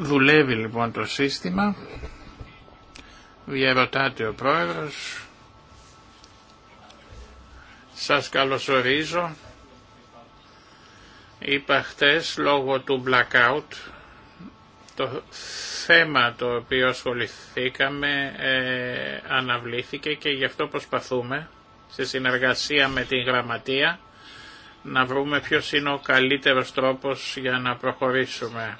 Δουλεύει λοιπόν το σύστημα. Διαρωτάται ο πρόεδρος. Σας καλωσορίζω. Είπα χτες λόγω του blackout το θέμα το οποίο ασχοληθήκαμε ε, αναβλήθηκε και γι' αυτό προσπαθούμε σε συνεργασία με την γραμματεία να βρούμε ποιος είναι ο καλύτερος τρόπος για να προχωρήσουμε.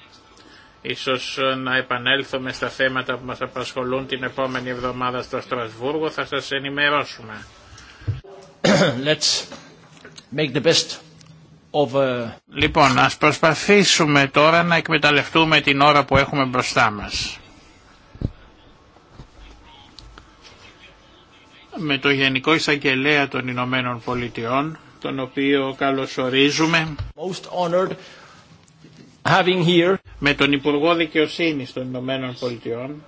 Ίσως ε, να επανέλθουμε στα θέματα που μας απασχολούν την επόμενη εβδομάδα στο Στρασβούργο. Θα σας ενημερώσουμε. Ε, λοιπόν, ας προσπαθήσουμε τώρα να εκμεταλλευτούμε την ώρα που έχουμε μπροστά μας. με το Γενικό Εισαγγελέα των Ηνωμένων Πολιτειών, τον οποίο καλωσορίζουμε having here... με τον Υπουργό Δικαιοσύνη των Ηνωμένων Πολιτειών.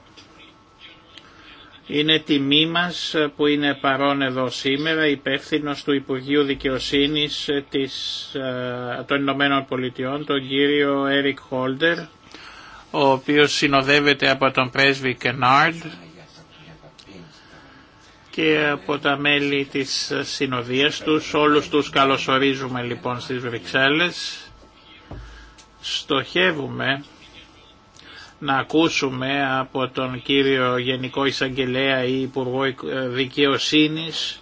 Είναι τιμή μας που είναι παρόν εδώ σήμερα υπεύθυνο του Υπουργείου Δικαιοσύνης της, ε, των Ηνωμένων Πολιτειών, τον κύριο Έρικ Χόλτερ, ο οποίος συνοδεύεται από τον πρέσβη Κενάρντ και από τα μέλη της συνοδείας τους. Όλους τους καλωσορίζουμε λοιπόν στις Βρυξέλλες στοχεύουμε να ακούσουμε από τον κύριο Γενικό Εισαγγελέα ή Υπουργό Δικαιοσύνης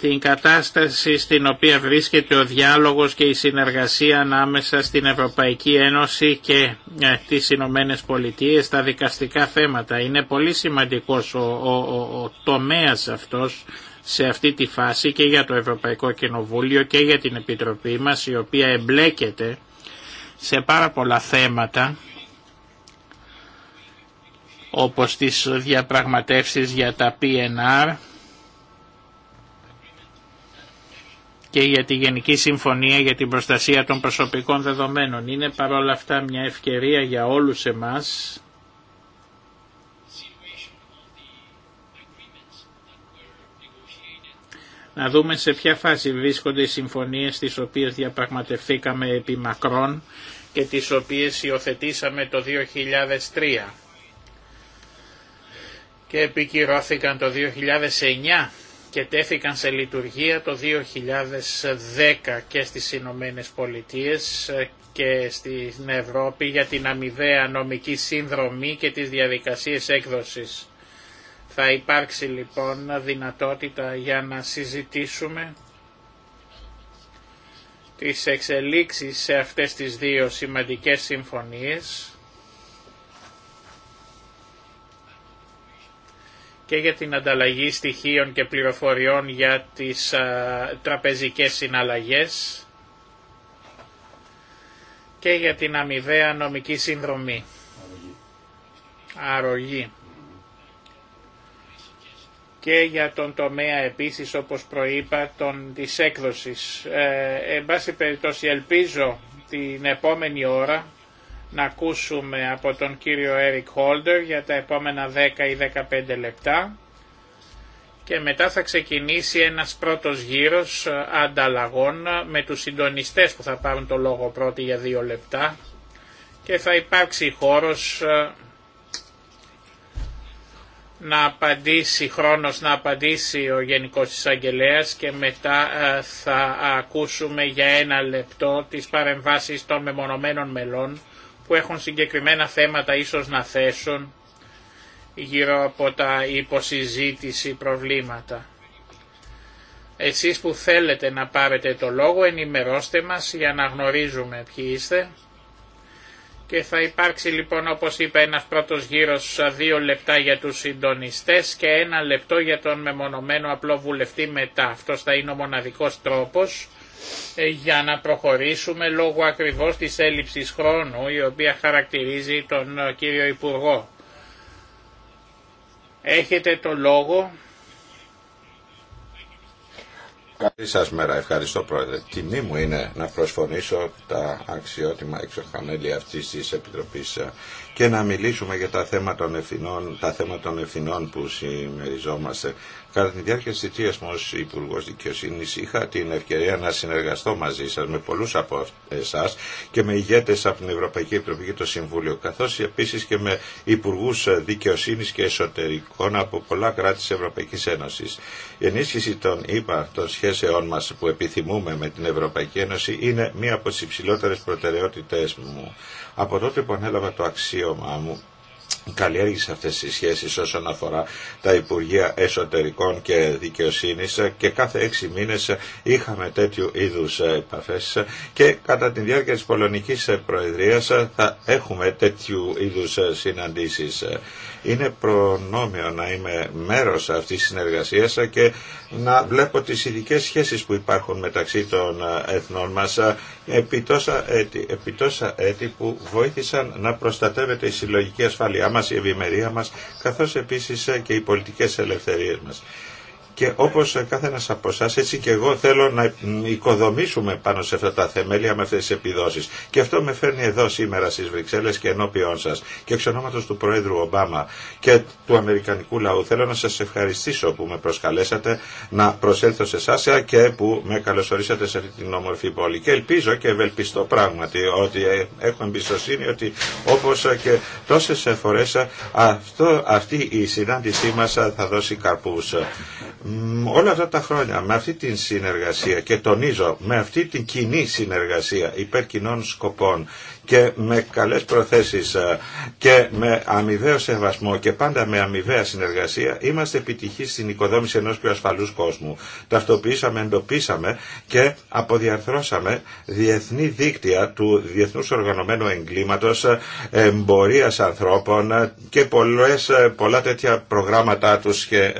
την κατάσταση στην οποία βρίσκεται ο διάλογος και η συνεργασία ανάμεσα στην Ευρωπαϊκή Ένωση και ε, τις Ηνωμένε Πολιτείε στα δικαστικά θέματα. Είναι πολύ σημαντικός ο, τομέας αυτός σε αυτή τη φάση και για το Ευρωπαϊκό Κοινοβούλιο και για την Επιτροπή μας η οποία εμπλέκεται σε πάρα πολλά θέματα όπως τις διαπραγματεύσεις για τα PNR και για τη Γενική Συμφωνία για την Προστασία των Προσωπικών Δεδομένων. Είναι παρόλα αυτά μια ευκαιρία για όλους εμάς να δούμε σε ποια φάση βρίσκονται οι συμφωνίες τις οποίες διαπραγματευθήκαμε επί μακρόν και τις οποίες υιοθετήσαμε το 2003 και επικυρώθηκαν το 2009 και τέθηκαν σε λειτουργία το 2010 και στις Ηνωμένε Πολιτείες και στην Ευρώπη για την αμοιβαία νομική σύνδρομη και τις διαδικασίες έκδοσης. Θα υπάρξει λοιπόν δυνατότητα για να συζητήσουμε τις εξελίξεις σε αυτές τις δύο σημαντικές συμφωνίες και για την ανταλλαγή στοιχείων και πληροφοριών για τις α, τραπεζικές συναλλαγές και για την αμοιβαία νομική συνδρομή. Αρρωγή. Αρρωγή και για τον τομέα επίσης όπως προείπα τον, της έκδοσης. Ε, εν πάση περιπτώσει ελπίζω την επόμενη ώρα να ακούσουμε από τον κύριο Έρικ Holder για τα επόμενα 10 ή 15 λεπτά και μετά θα ξεκινήσει ένας πρώτος γύρος ε, ανταλλαγών ε, με τους συντονιστές που θα πάρουν το λόγο πρώτοι για δύο λεπτά και θα υπάρξει χώρος ε, να απαντήσει, χρόνος να απαντήσει ο Γενικός εισαγγελέα και μετά ε, θα ακούσουμε για ένα λεπτό τις παρεμβάσεις των μεμονωμένων μελών που έχουν συγκεκριμένα θέματα ίσως να θέσουν γύρω από τα υποσυζήτηση προβλήματα. Εσείς που θέλετε να πάρετε το λόγο ενημερώστε μας για να γνωρίζουμε ποιοι είστε. Και θα υπάρξει λοιπόν όπως είπα ένας πρώτος γύρος δύο λεπτά για τους συντονιστές και ένα λεπτό για τον μεμονωμένο απλό βουλευτή μετά. Αυτός θα είναι ο μοναδικός τρόπος ε, για να προχωρήσουμε λόγω ακριβώς της έλλειψης χρόνου η οποία χαρακτηρίζει τον ε, κύριο Υπουργό. Έχετε το λόγο Καλή σας μέρα, ευχαριστώ Πρόεδρε. Τιμή μου είναι να προσφωνήσω τα αξιότιμα εξωχαμέλη αυτής της Επιτροπής ε, και να μιλήσουμε για τα θέματα των ευθυνών, τα θέματα των ευθυνών που συμμεριζόμαστε. Κατά τη διάρκεια της θητείας μου ως Υπουργός Δικαιοσύνης είχα την ευκαιρία να συνεργαστώ μαζί σας με πολλούς από εσάς και με ηγέτες από την Ευρωπαϊκή Επιτροπή και το Συμβούλιο καθώς επίσης και με Υπουργούς Δικαιοσύνης και Εσωτερικών από πολλά κράτη της Ευρωπαϊκής Ένωσης. Η ενίσχυση των ΗΠΑ των σχέσεών μας που επιθυμούμε με την Ευρωπαϊκή Ένωση είναι μία από τις υψηλότερες προτεραιότητές μου. Από τότε που ανέλαβα το αξίωμά μου, καλλιέργησε αυτές τις σχέσεις όσον αφορά τα Υπουργεία Εσωτερικών και Δικαιοσύνης και κάθε έξι μήνες είχαμε τέτοιου είδους επαφές και κατά τη διάρκεια της Πολωνικής Προεδρίας θα έχουμε τέτοιου είδους συναντήσεις. Είναι προνόμιο να είμαι μέρος αυτής της συνεργασίας και να βλέπω τις ειδικέ σχέσεις που υπάρχουν μεταξύ των εθνών μας επί τόσα έτη, που βοήθησαν να προστατεύεται η συλλογική ασφαλειά μας, η ευημερία μας, καθώς επίσης και οι πολιτικές ελευθερίες μας. Και όπως κάθε ένας από εσά, έτσι και εγώ θέλω να οικοδομήσουμε πάνω σε αυτά τα θεμέλια με αυτές τις επιδόσεις. Και αυτό με φέρνει εδώ σήμερα στις Βρυξέλλες και ενώπιόν σας. Και εξ ονόματος του Πρόεδρου Ομπάμα και του Αμερικανικού λαού θέλω να σας ευχαριστήσω που με προσκαλέσατε να προσέλθω σε εσά και που με καλωσορίσατε σε αυτή την όμορφη πόλη. Και ελπίζω και ευελπιστώ πράγματι ότι έχω εμπιστοσύνη ότι όπως και τόσες φορές αυτό, αυτή η συνάντησή μας θα δώσει καρπούς όλα αυτά τα χρόνια με αυτή την συνεργασία και τονίζω με αυτή την κοινή συνεργασία υπέρ κοινών σκοπών και με καλές προθέσεις ε, και με αμοιβαίο σεβασμό και πάντα με αμοιβαία συνεργασία είμαστε επιτυχείς στην οικοδόμηση ενός πιο ασφαλούς κόσμου. Ταυτοποιήσαμε, εντοπίσαμε και αποδιαρθρώσαμε διεθνή δίκτυα του Διεθνούς Οργανωμένου Εγκλήματος, ε, εμπορίας ανθρώπων ε, και πολλές, πολλά τέτοια προγράμματά τους και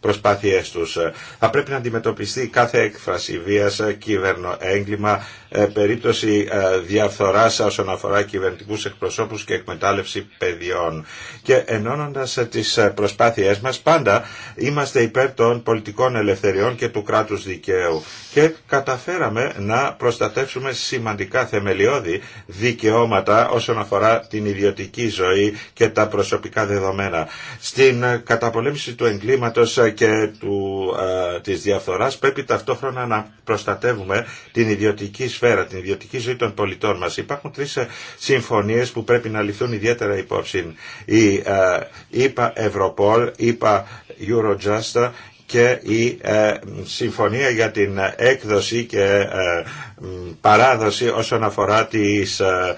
προσπάθειές τους. Θα πρέπει να αντιμετωπιστεί κάθε έκφραση βίας, κυβερνοέγκλημα, ε, περίπτωση ε, διαφθοράς όσον αφορά κυβερνητικούς εκπροσώπους και εκμετάλλευση παιδιών. Και ενώνοντας ε, τις προσπάθειές μας πάντα είμαστε υπέρ των πολιτικών ελευθεριών και του κράτους δικαίου και καταφέραμε να προστατεύσουμε σημαντικά θεμελιώδη δικαιώματα όσον αφορά την ιδιωτική ζωή και τα προσωπικά δεδομένα. Στην καταπολέμηση του εγκλήματος και του, της διαφθοράς πρέπει ταυτόχρονα να προστατεύουμε την ιδιωτική σφαίρα, την ιδιωτική ζωή των πολιτών μας. Υπάρχουν τρεις ε, συμφωνίες που πρέπει να ληφθούν ιδιαίτερα υπόψη. Η ε, ΕΠΑ Ευρωπόλ, ΕΠΑ Eurojust και η ε, συμφωνία για την έκδοση και παράδοση όσον αφορά τις ε,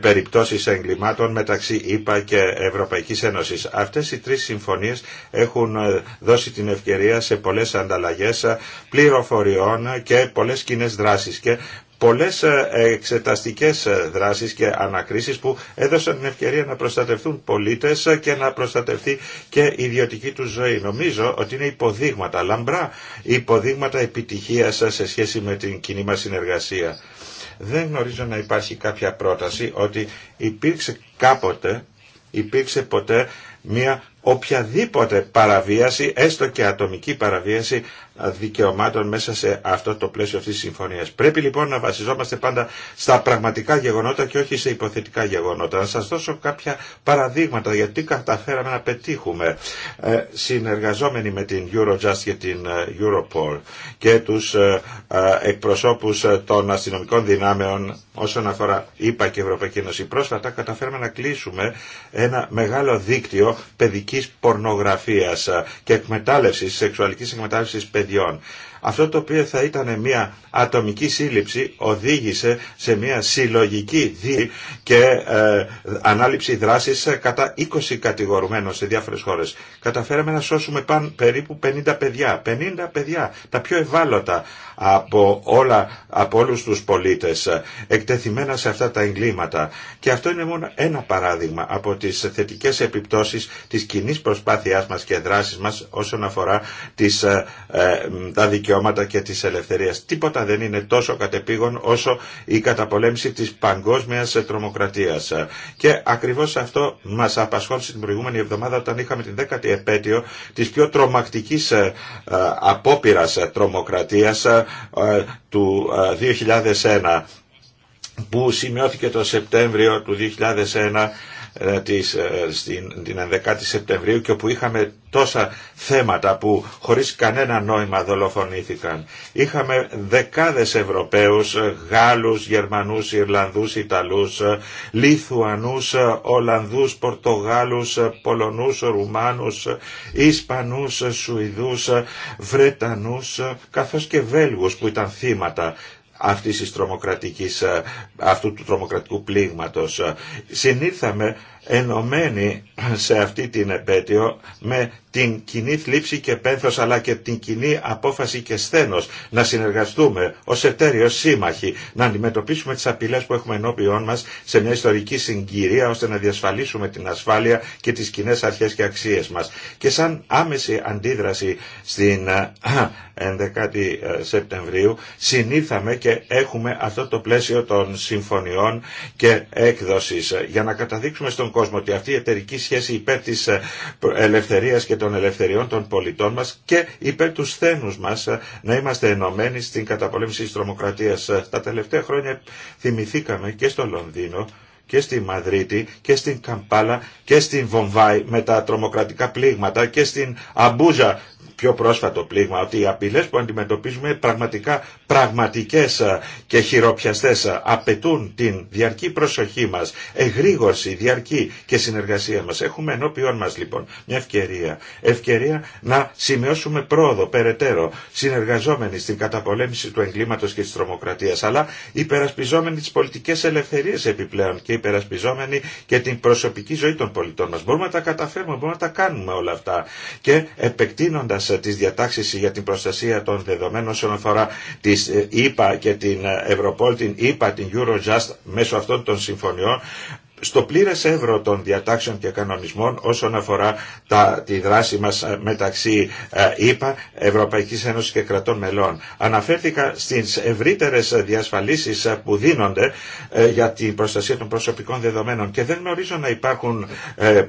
περιπτώσεις εγκλημάτων μεταξύ ΕΠΑ και Ευρωπαϊκής Ένωσης. Αυτές οι τρεις συμφωνίες έχουν δώσει την ευκαιρία σε πολλές ανταλλαγές πληροφοριών και πολλές κοινέ δράσεις και πολλές ε, εξεταστικές ε, δράσεις και ανακρίσεις που έδωσαν την ευκαιρία να προστατευτούν πολίτες και να προστατευτεί και η ιδιωτική του ζωή. Νομίζω ότι είναι υποδείγματα, λαμπρά υποδείγματα επιτυχίας σε σχέση με την κοινή μας συνεργασία. Δεν γνωρίζω να υπάρχει κάποια πρόταση ότι υπήρξε κάποτε, υπήρξε ποτέ μια οποιαδήποτε παραβίαση, έστω και ατομική παραβίαση δικαιωμάτων μέσα σε αυτό το πλαίσιο αυτής της συμφωνίας. Πρέπει λοιπόν να βασιζόμαστε πάντα στα πραγματικά γεγονότα και όχι σε υποθετικά γεγονότα. Να σας δώσω κάποια παραδείγματα γιατί καταφέραμε να πετύχουμε ε, συνεργαζόμενοι με την Eurojust και την ε, Europol και τους ε, εκπροσώπους των αστυνομικών δυνάμεων όσον αφορά ΕΠΑ και Ευρωπαϊκή Ένωση. Πρόσφατα καταφέραμε να κλείσουμε ένα μεγάλο δίκτυο παιδικής πορνογραφίας και εκμετάλλευσης, σεξουαλικής εκμετάλλευσης παιδιών παιδιών. Αυτό το οποίο θα ήταν μια ατομική σύλληψη οδήγησε σε μια συλλογική και ε, ανάληψη δράσης κατά 20 κατηγορουμένων σε διάφορες χώρες. Καταφέραμε να σώσουμε παν, περίπου 50 παιδιά, 50 παιδιά, τα πιο ευάλωτα από, όλα, από όλους τους πολίτες, εκτεθειμένα σε αυτά τα εγκλήματα. Και αυτό είναι μόνο ένα παράδειγμα από τις θετικές επιπτώσεις της κοινή προσπάθειάς μας και δράσης μας όσον αφορά τις, ε, ε, τα δικαιώματα δικαιώματα και της ελευθερίας. Τίποτα δεν είναι τόσο κατεπήγον όσο η καταπολέμηση της παγκόσμιας τρομοκρατίας. Και ακριβώς αυτό μας απασχόλησε την προηγούμενη εβδομάδα όταν είχαμε την δέκατη επέτειο της πιο τρομακτικής ε, απόπειρας τρομοκρατίας ε, του 2001 ε, που σημειώθηκε το Σεπτέμβριο του 2001 της, ε, στην, την 11η Σεπτεμβρίου και όπου είχαμε τόσα θέματα που χωρίς κανένα νόημα δολοφονήθηκαν. Είχαμε δεκάδες Ευρωπαίους, ε, Γάλλους, Γερμανούς, Ιρλανδούς, Ιταλούς, ε, Λιθουανούς, Ολλανδούς, Πορτογάλους, Πολωνούς, Ρουμάνους, Ισπανούς, Σουηδούς, Βρετανούς, καθώς και Βέλγους που ήταν θύματα αυτής της τρομοκρατικής, ε, αυτού του τρομοκρατικού πλήγματος. Ε, συνήρθαμε ενωμένη σε αυτή την επέτειο με την κοινή θλίψη και πένθος αλλά και την κοινή απόφαση και σθένος να συνεργαστούμε ως εταίροι, ως σύμμαχοι, να αντιμετωπίσουμε τις απειλές που έχουμε ενώπιόν μας σε μια ιστορική συγκυρία ώστε να διασφαλίσουμε την ασφάλεια και τις κοινέ αρχές και αξίες μας. Και σαν άμεση αντίδραση στην 11η ε, ε, Σεπτεμβρίου συνήθαμε και έχουμε αυτό το πλαίσιο των συμφωνιών και έκδοσης ε, για να καταδείξουμε στον κόσμο ότι αυτή η εταιρική σχέση υπέρ τη ε, ελευθερίας και των ελευθεριών των πολιτών μας και υπέρ του σθένου μας ε, να είμαστε ενωμένοι στην καταπολέμηση της τρομοκρατίας. Ε, τα τελευταία χρόνια θυμηθήκαμε και στο Λονδίνο και στη Μαδρίτη και στην Καμπάλα και στην Βομβάη με τα τρομοκρατικά πλήγματα και στην Αμπούζα πιο πρόσφατο πλήγμα ότι οι απειλές που αντιμετωπίζουμε πραγματικά πραγματικές ε, και χειροπιαστές ε, απαιτούν την διαρκή προσοχή μας, εγρήγορση διαρκή και συνεργασία μας. Έχουμε ενώπιόν μας λοιπόν μια ευκαιρία. Ευκαιρία να σημειώσουμε πρόοδο περαιτέρω συνεργαζόμενοι στην καταπολέμηση του εγκλήματος και της τρομοκρατίας αλλά υπερασπιζόμενοι τις πολιτικές ελευθερίες επιπλέον και υπερασπιζόμενοι και την προσωπική ζωή των πολιτών μας. Μπορούμε να τα καταφέρουμε, μπορούμε να τα κάνουμε όλα αυτά και επεκτείνοντας τις διατάξεις για την προστασία των δεδομένων όσον αφορά της ΕΠΑ και την ε, Ευρωπόλ, την ΕΠΑ, την Eurojust μέσω αυτών των συμφωνιών στο πλήρες εύρο των διατάξεων και κανονισμών όσον αφορά τα, τη δράση μας ε, μεταξύ ε, ΕΠΑ, Ευρωπαϊκής Ένωσης και κρατών μελών. Αναφέρθηκα στις ευρύτερες διασφαλίσεις ε, που δίνονται για την προστασία των προσωπικών δεδομένων και δεν γνωρίζω να υπάρχουν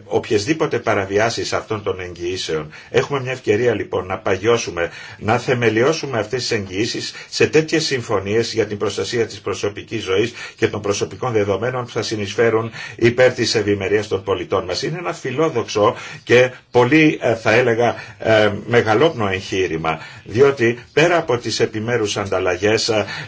οποιασδήποτε παραβιάσεις αυτών των εγγυήσεων. Έχουμε μια ευκαιρία λοιπόν να παγιώσουμε, να θεμελιώσουμε αυτές τις εγγυήσεις σε τέτοιες συμφωνίες για την προστασία της προσωπικής ζωής και των προσωπικών δεδομένων που θα συνεισφέρουν υπέρ τη ευημερίας των πολιτών μας. Είναι ένα φιλόδοξο και πολύ ε, θα έλεγα ε, μεγαλόπνο εγχείρημα διότι πέρα από τι επιμέρου ανταλλαγέ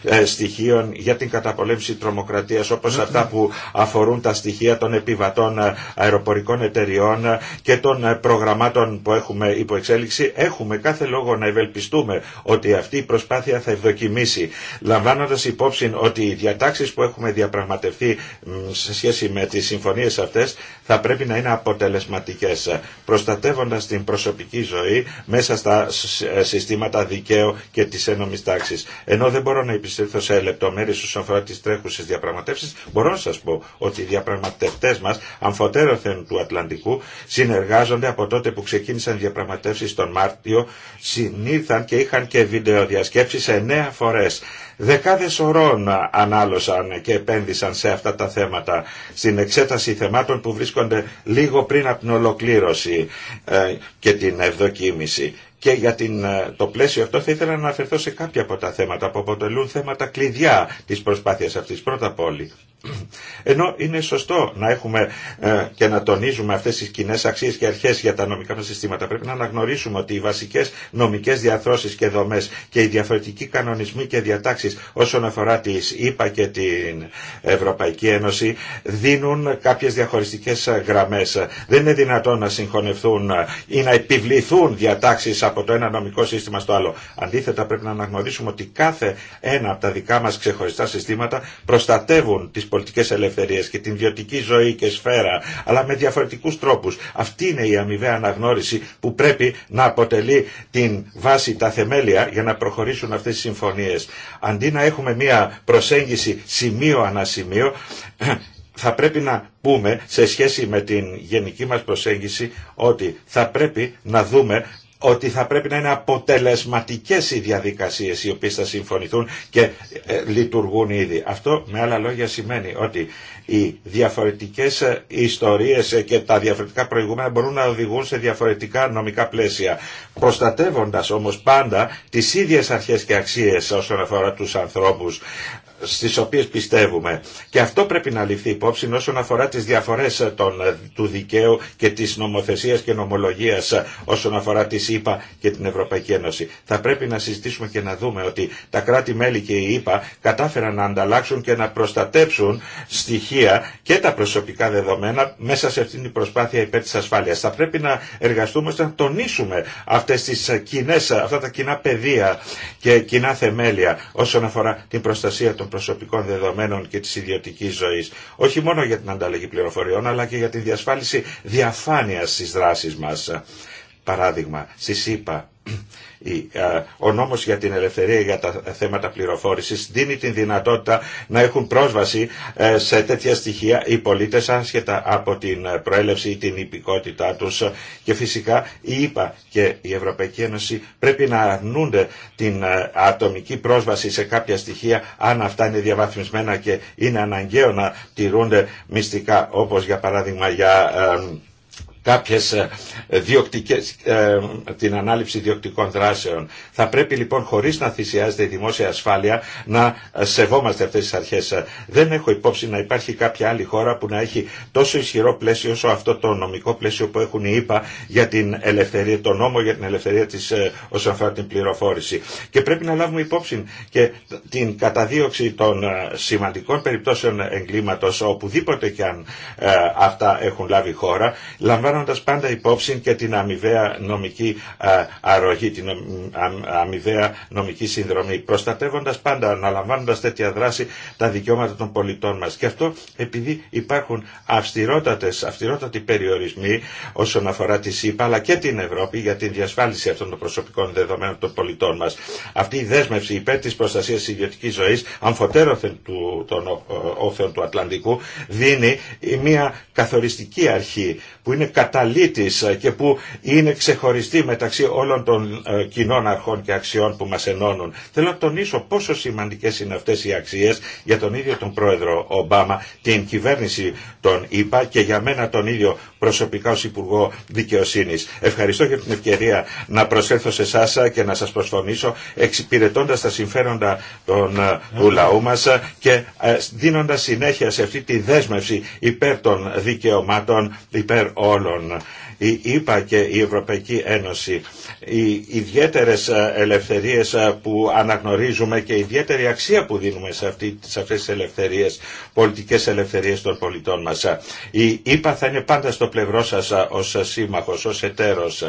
ε, στοιχείων για την καταπολέμηση τρομοκρατία, όπως αυτά που αφορούν τα στοιχεία των επιβατών αεροπορικών εταιριών και των προγραμμάτων που έχουμε υποεξέλιξη έχουμε κάθε λόγο να ευελπιστούμε ότι αυτή η προσπάθεια θα ευδοκιμήσει λαμβάνοντα υπόψη ότι οι διατάξει που έχουμε διαπραγματευτεί σε σχέση με τι συμφωνίε αυτέ θα πρέπει να είναι αποτελεσματικέ, προστατεύοντα την προσωπική ζωή μέσα στα συστήματα δικαίου και τη ένωμη τάξης. Ενώ δεν μπορώ να επιστρέψω σε λεπτομέρειε όσον αφορά τι τρέχουσε διαπραγματεύσει, μπορώ να σας πω ότι οι διαπραγματευτές μας, αμφωτέρωθεν του Ατλαντικού, συνεργάζονται από τότε που ξεκίνησαν οι διαπραγματεύσεις τον Μάρτιο, συνήθαν και είχαν και βιντεοδιασκέψεις εννέα φορέ. Δεκάδες ωρών ανάλωσαν και επένδυσαν σε αυτά τα θέματα, στην εξέταση θεμάτων που βρίσκονται λίγο πριν από την ολοκλήρωση ε, και την ευδοκίμηση. Και για την, ε, το πλαίσιο αυτό θα ήθελα να αναφερθώ σε κάποια από τα θέματα που αποτελούν θέματα κλειδιά της προσπάθειας αυτής. Πρώτα απ' Ενώ είναι σωστό να έχουμε ε, και να τονίζουμε αυτέ τι κοινέ αξίε και αρχέ για τα νομικά μα συστήματα, πρέπει να αναγνωρίσουμε ότι οι βασικέ νομικέ διαθρώσει και δομέ και οι διαφορετικοί κανονισμοί και διατάξει όσον αφορά τι ΗΠΑ και την Ευρωπαϊκή Ένωση δίνουν κάποιε διαχωριστικέ γραμμέ. Δεν είναι δυνατόν να συγχωνευτούν ή να επιβληθούν διατάξει από το ένα νομικό σύστημα στο άλλο. Αντίθετα, πρέπει να αναγνωρίσουμε ότι κάθε ένα από τα δικά μα ξεχωριστά συστήματα προστατεύουν τι πολιτικές ελευθερίες και την ιδιωτική ζωή και σφαίρα, αλλά με διαφορετικούς τρόπους. Αυτή είναι η αμοιβαία αναγνώριση που πρέπει να αποτελεί την βάση, τα θεμέλια για να προχωρήσουν αυτές οι συμφωνίες. Αντί να έχουμε μια προσέγγιση σημείο ανά σημείο, θα πρέπει να πούμε σε σχέση με την γενική μας προσέγγιση ότι θα πρέπει να δούμε ότι θα πρέπει να είναι αποτελεσματικές οι διαδικασίες οι οποίες θα συμφωνηθούν και ε, λειτουργούν ήδη. Αυτό με άλλα λόγια σημαίνει ότι οι διαφορετικές ε, ιστορίες ε, και τα διαφορετικά προηγούμενα μπορούν να οδηγούν σε διαφορετικά νομικά πλαίσια. Προστατεύοντας όμως πάντα τις ίδιες αρχές και αξίες όσον αφορά τους ανθρώπους στις οποίες πιστεύουμε. Και αυτό πρέπει να ληφθεί υπόψη όσον αφορά τις διαφορές του δικαίου και της νομοθεσίας και νομολογίας όσον αφορά τη ΕΕ και την Ευρωπαϊκή Ένωση. Θα πρέπει να συζητήσουμε και να δούμε ότι τα κράτη-μέλη και η ΕΕ κατάφεραν να ανταλλάξουν και να προστατέψουν στοιχεία και τα προσωπικά δεδομένα μέσα σε αυτήν την προσπάθεια υπέρ της ασφάλειας. Θα πρέπει να εργαστούμε ώστε να τονίσουμε αυτές τις κοινές, αυτά τα κοινά πεδία και κοινά θεμέλια όσον αφορά την προστασία των προσωπικών δεδομένων και της ιδιωτικής ζωής. Όχι μόνο για την ανταλλαγή πληροφοριών, αλλά και για τη διασφάλιση διαφάνειας στις δράσεις μας. Παράδειγμα, στη ΗΠΑ. Ε, ο νόμος για την ελευθερία για τα θέματα πληροφόρησης δίνει την δυνατότητα να έχουν πρόσβαση ε, σε τέτοια στοιχεία οι πολίτες άσχετα από την προέλευση ή την υπηκότητά τους και φυσικά η ΕΠΑ και η Ευρωπαϊκή Ένωση πρέπει να αρνούνται την ε, ατομική πρόσβαση σε κάποια στοιχεία αν αυτά είναι διαβαθμισμένα και είναι αναγκαίο να τηρούνται μυστικά όπως για παράδειγμα για κάποιες ε, διοκτικές, ε, την ανάληψη διοκτικών δράσεων. Θα πρέπει λοιπόν χωρίς να θυσιάζεται η δημόσια ασφάλεια να ε, σεβόμαστε αυτές τις αρχές. Δεν έχω υπόψη να υπάρχει κάποια άλλη χώρα που να έχει τόσο ισχυρό πλαίσιο όσο αυτό το νομικό πλαίσιο που έχουν οι ΗΠΑ για την ελευθερία, το νόμο για την ελευθερία της όσον αφορά την πληροφόρηση. Και πρέπει να λάβουμε υπόψη και την καταδίωξη των σημαντικών περιπτώσεων εγκλήματο, οπουδήποτε και αν αυτά έχουν λάβει χώρα λαμβάνοντας πάντα υπόψη και την αμοιβαία νομική αρρωγή, την αμοιβαία νομική συνδρομή, προστατεύοντας πάντα, αναλαμβάνοντας τέτοια δράση τα δικαιώματα των πολιτών μας. Και αυτό επειδή υπάρχουν αυστηρότατες, αυστηρότατοι περιορισμοί όσον αφορά τη ΣΥΠΑ αλλά και την Ευρώπη για την διασφάλιση αυτών των προσωπικών δεδομένων των πολιτών μας. Αυτή η δέσμευση υπέρ της προστασίας της ιδιωτικής ζωής, αμφωτέρωθεν του, των όφεων του Ατλαντικού, δίνει μια καθοριστική αρχή που είναι καταλύτης ε, και που είναι ξεχωριστή μεταξύ όλων των ε, κοινών αρχών και αξιών που μας ενώνουν. Θέλω να τονίσω πόσο σημαντικές είναι αυτές οι αξίες για τον ίδιο τον πρόεδρο Ομπάμα, την κυβέρνηση των ΗΠΑ και για μένα τον ίδιο προσωπικά ως Υπουργό Δικαιοσύνης. Ευχαριστώ για την ευκαιρία να προσέλθω σε εσά και να σας προσφωνήσω εξυπηρετώντας τα συμφέροντα των, ε, του λαού μας και ε, δίνοντας συνέχεια σε αυτή τη δέσμευση υπέρ των δικαιωμάτων, υπέρ όλων η ΕΠΑ και η Ευρωπαϊκή Ένωση. Οι ιδιαίτερες ε, ελευθερίες που αναγνωρίζουμε και η ιδιαίτερη αξία που δίνουμε σε, αυτή, σε αυτές τις ελευθερίες, πολιτικές ελευθερίες των πολιτών μας. Η θα είναι πάντα στο στο πλευρό σας ως σύμμαχος, ως εταίρος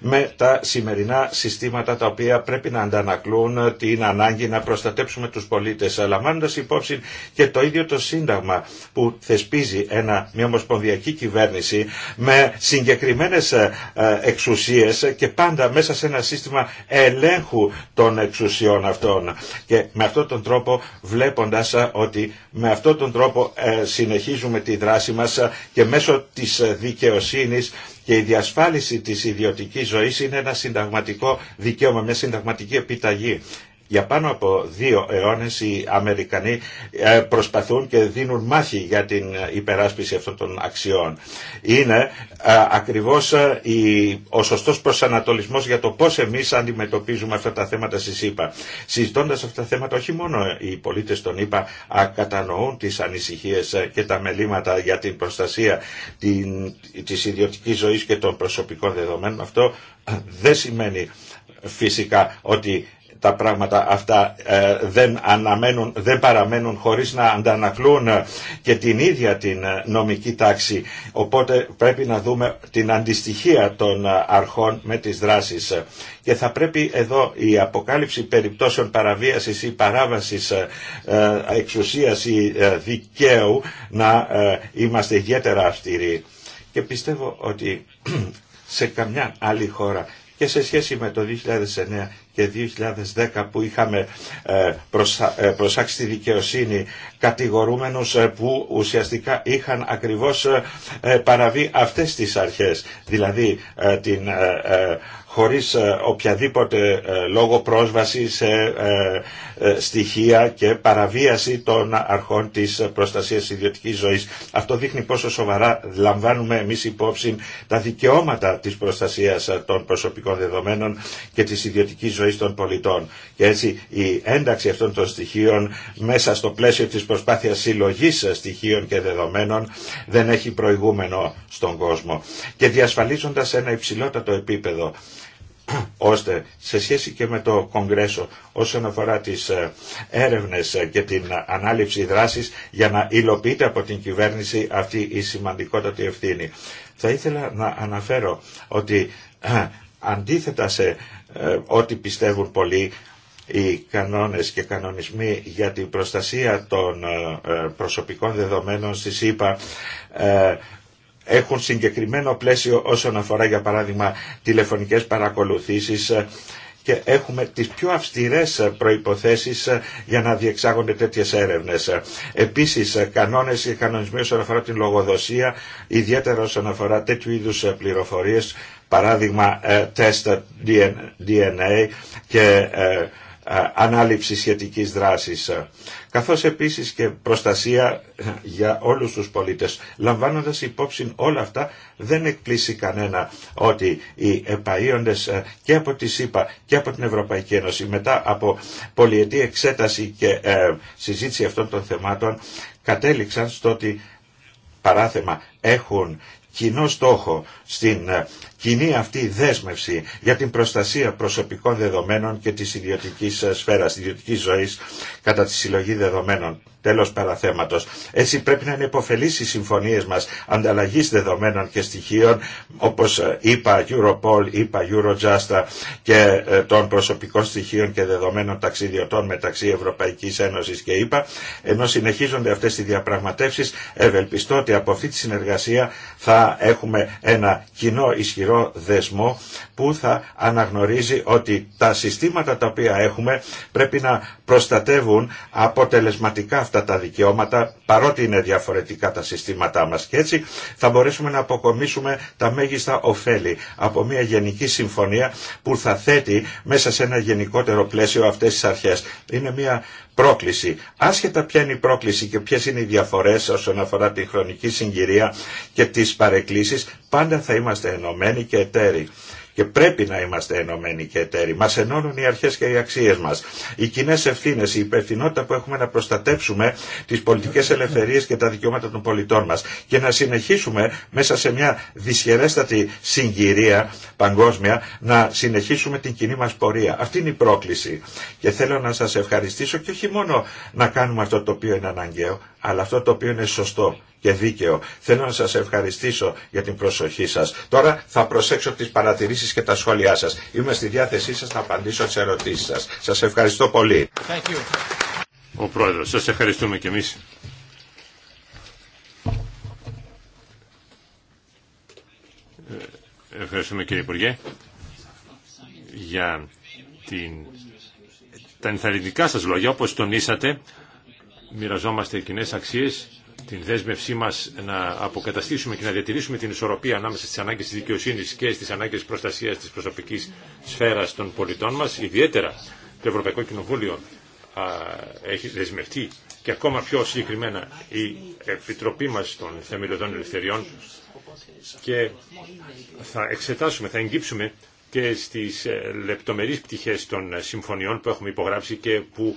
με τα σημερινά συστήματα τα οποία πρέπει να αντανακλούν την ανάγκη να προστατέψουμε τους πολίτες, αλλά υπόψη και το ίδιο το Σύνταγμα που θεσπίζει ένα, μια ομοσπονδιακή κυβέρνηση με συγκεκριμένες ε, εξουσίες και πάντα μέσα σε ένα σύστημα ελέγχου των εξουσιών αυτών. Και με αυτόν τον τρόπο βλέποντας ε, ότι με αυτόν τον τρόπο ε, συνεχίζουμε τη δράση μας και μέσω της δικαιοσύνης και η διασφάλιση της ιδιωτικής ζωής είναι ένα συνταγματικό δικαίωμα, μια συνταγματική επιταγή. Για πάνω από δύο αιώνες οι Αμερικανοί ε, προσπαθούν και δίνουν μάχη για την ε, υπεράσπιση αυτών των αξιών. Είναι ε, ακριβώς ο σωστός προσανατολισμός για το πώς εμείς αντιμετωπίζουμε αυτά τα θέματα στι ΗΠΑ. Συζητώντας αυτά τα θέματα όχι μόνο οι πολίτες των ΗΠΑ κατανοούν τις ανησυχίες και τα μελήματα για την προστασία της ιδιωτικής ζωής και των προσωπικών δεδομένων. Αυτό δεν σημαίνει φυσικά ότι τα πράγματα αυτά ε, δεν, αναμένουν, δεν παραμένουν χωρίς να αντανακλούν ε, και την ίδια την ε, νομική τάξη. Οπότε πρέπει να δούμε την αντιστοιχία των αρχών με τις δράσεις. Και θα πρέπει εδώ η αποκάλυψη περιπτώσεων παραβίασης ή παράβασης εξουσίας ή δικαίου να είμαστε ιδιαίτερα αυστηροί. Και πιστεύω ότι σε καμιά άλλη χώρα και σε σχέση με το 2009 και 2010 που είχαμε ε, ε, προσάξει τη δικαιοσύνη κατηγορούμενους ε, που ουσιαστικά είχαν ακριβώς παραβεί αυτές τις αρχές, δηλαδή την χωρίς ε, οποιαδήποτε ε, λόγο πρόσβαση σε ε, στοιχεία και παραβίαση των αρχών της προστασίας ιδιωτικής ζωής. Αυτό δείχνει πόσο σοβαρά λαμβάνουμε εμείς υπόψη τα δικαιώματα της προστασίας των προσωπικών δεδομένων και της ιδιωτικής ζωής των πολιτών. Και έτσι η ένταξη αυτών των στοιχείων μέσα στο πλαίσιο της προσπάθειας συλλογής στοιχείων και δεδομένων δεν έχει προηγούμενο στον κόσμο. Και διασφαλίζοντας ένα υψηλότατο επίπεδο ώστε σε σχέση και με το Κογκρέσο όσον αφορά τις ε, έρευνες ε, και την ανάληψη δράσης για να υλοποιείται από την κυβέρνηση αυτή η σημαντικότατη ευθύνη. Θα ήθελα να αναφέρω ότι ε, αντίθετα σε ό,τι πιστεύουν πολλοί οι κανόνες και κανονισμοί για την προστασία των προσωπικών δεδομένων στη ΣΥΠΑ έχουν συγκεκριμένο πλαίσιο όσον αφορά για παράδειγμα τηλεφωνικές παρακολουθήσεις ε, και έχουμε τις πιο αυστηρές προϋποθέσεις ε, για να διεξάγονται τέτοιες έρευνες. Επίσης, ε, κανόνες και κανονισμοί όσον αφορά την λογοδοσία, ιδιαίτερα όσον αφορά τέτοιου είδους πληροφορίες, παράδειγμα τεστ DNA και ε, ανάληψη σχετικής δράσης, ε, καθώς επίσης και προστασία ε, για όλους τους πολίτες. Λαμβάνοντας υπόψη όλα αυτά, δεν εκπλήσει κανένα ότι οι επαΐοντες και από τη ΣΥΠΑ και από την Ευρωπαϊκή Ένωση, μετά από πολιετή εξέταση και συζήτηση αυτών των θεμάτων, κατέληξαν στο ότι παράθεμα έχουν κοινό στόχο στην κοινή αυτή δέσμευση για την προστασία προσωπικών δεδομένων και της ιδιωτικής ε, σφαίρας, της ιδιωτικής ζωής κατά τη συλλογή δεδομένων. Τέλος παραθέματος. Έτσι πρέπει να είναι υποφελείς οι συμφωνίες μας ανταλλαγής δεδομένων και στοιχείων όπως είπα Europol, είπα Eurojust ε, και ε, των προσωπικών στοιχείων και δεδομένων ταξιδιωτών μεταξύ Ευρωπαϊκής Ένωσης και είπα ενώ συνεχίζονται αυτές οι διαπραγματεύσεις ευελπιστώ ότι από αυτή τη συνεργασία θα έχουμε ένα κοινό ισχυρό ισχυρό δεσμό που θα αναγνωρίζει ότι τα συστήματα τα οποία έχουμε πρέπει να προστατεύουν αποτελεσματικά αυτά τα δικαιώματα παρότι είναι διαφορετικά τα συστήματά μας και έτσι θα μπορέσουμε να αποκομίσουμε τα μέγιστα ωφέλη από μια γενική συμφωνία που θα θέτει μέσα σε ένα γενικότερο πλαίσιο αυτές τις αρχές. Είναι μια πρόκληση. Άσχετα ποια είναι η πρόκληση και ποιες είναι οι διαφορές όσον αφορά την χρονική συγκυρία και τις παρεκκλήσεις, πάντα θα είμαστε ενωμένοι και εταίροι. Και πρέπει να είμαστε ενωμένοι και εταίροι. Μα ενώνουν οι αρχέ και οι αξίε μα. Οι κοινέ ευθύνε, η υπευθυνότητα που έχουμε να προστατεύσουμε τι πολιτικέ ελευθερίε και τα δικαιώματα των πολιτών μα. Και να συνεχίσουμε μέσα σε μια δυσχερέστατη συγκυρία παγκόσμια να συνεχίσουμε την κοινή μα πορεία. Αυτή είναι η πρόκληση. Και θέλω να σα ευχαριστήσω και όχι μόνο να κάνουμε αυτό το οποίο είναι αναγκαίο, αλλά αυτό το οποίο είναι σωστό και δίκαιο. Θέλω να σας ευχαριστήσω για την προσοχή σας. Τώρα θα προσέξω τις παρατηρήσεις και τα σχόλιά σας. Είμαι στη διάθεσή σας να απαντήσω τις ερωτήσεις σας. Σας ευχαριστώ πολύ. Ο Πρόεδρος, σας ευχαριστούμε κι εμείς. Ε, ευχαριστούμε κύριε Υπουργέ για την... τα ενθαρρυντικά σας λόγια όπως τονίσατε μοιραζόμαστε κοινέ αξίε, την δέσμευσή μα να αποκαταστήσουμε και να διατηρήσουμε την ισορροπία ανάμεσα στι ανάγκε τη δικαιοσύνη και στι ανάγκε προστασία τη προσωπική σφαίρα των πολιτών μα. Ιδιαίτερα το Ευρωπαϊκό Κοινοβούλιο έχει δεσμευτεί και ακόμα πιο συγκεκριμένα η Επιτροπή μας των Θεμελιωδών Ελευθεριών και θα εξετάσουμε, θα εγγύψουμε και στις ε, λεπτομερείς πτυχές των ε, συμφωνιών που έχουμε υπογράψει και που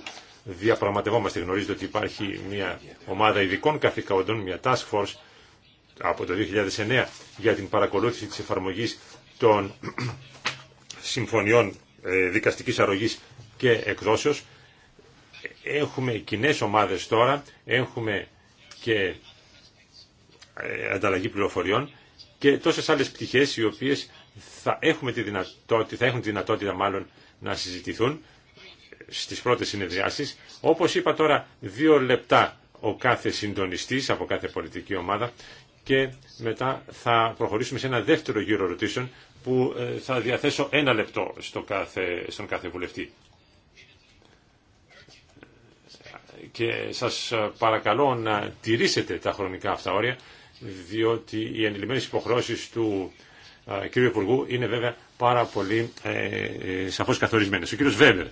διαπραγματευόμαστε. Γνωρίζετε ότι υπάρχει μια ομάδα ειδικών καθηκαοντών, μια task force από το 2009 για την παρακολούθηση της εφαρμογής των συμφωνιών ε, δικαστικής αρρωγής και εκδόσεως. Έχουμε κοινέ ομάδες τώρα, έχουμε και ε, ανταλλαγή πληροφοριών και τόσες άλλες πτυχές οι οποίες θα, έχουμε τη δυνατότητα, θα έχουν τη δυνατότητα μάλλον να συζητηθούν στις πρώτες συνεδριάσεις. Όπως είπα τώρα, δύο λεπτά ο κάθε συντονιστής από κάθε πολιτική ομάδα και μετά θα προχωρήσουμε σε ένα δεύτερο γύρο ρωτήσεων που ε, θα διαθέσω ένα λεπτό στο κάθε, στον κάθε βουλευτή. Και σας παρακαλώ να τηρήσετε τα χρονικά αυτά όρια, διότι οι ανηλυμένες υποχρεώσεις του ε, κύριου Υπουργού είναι βέβαια πάρα πολύ ε, ε, Ο κύριος Βέμπερ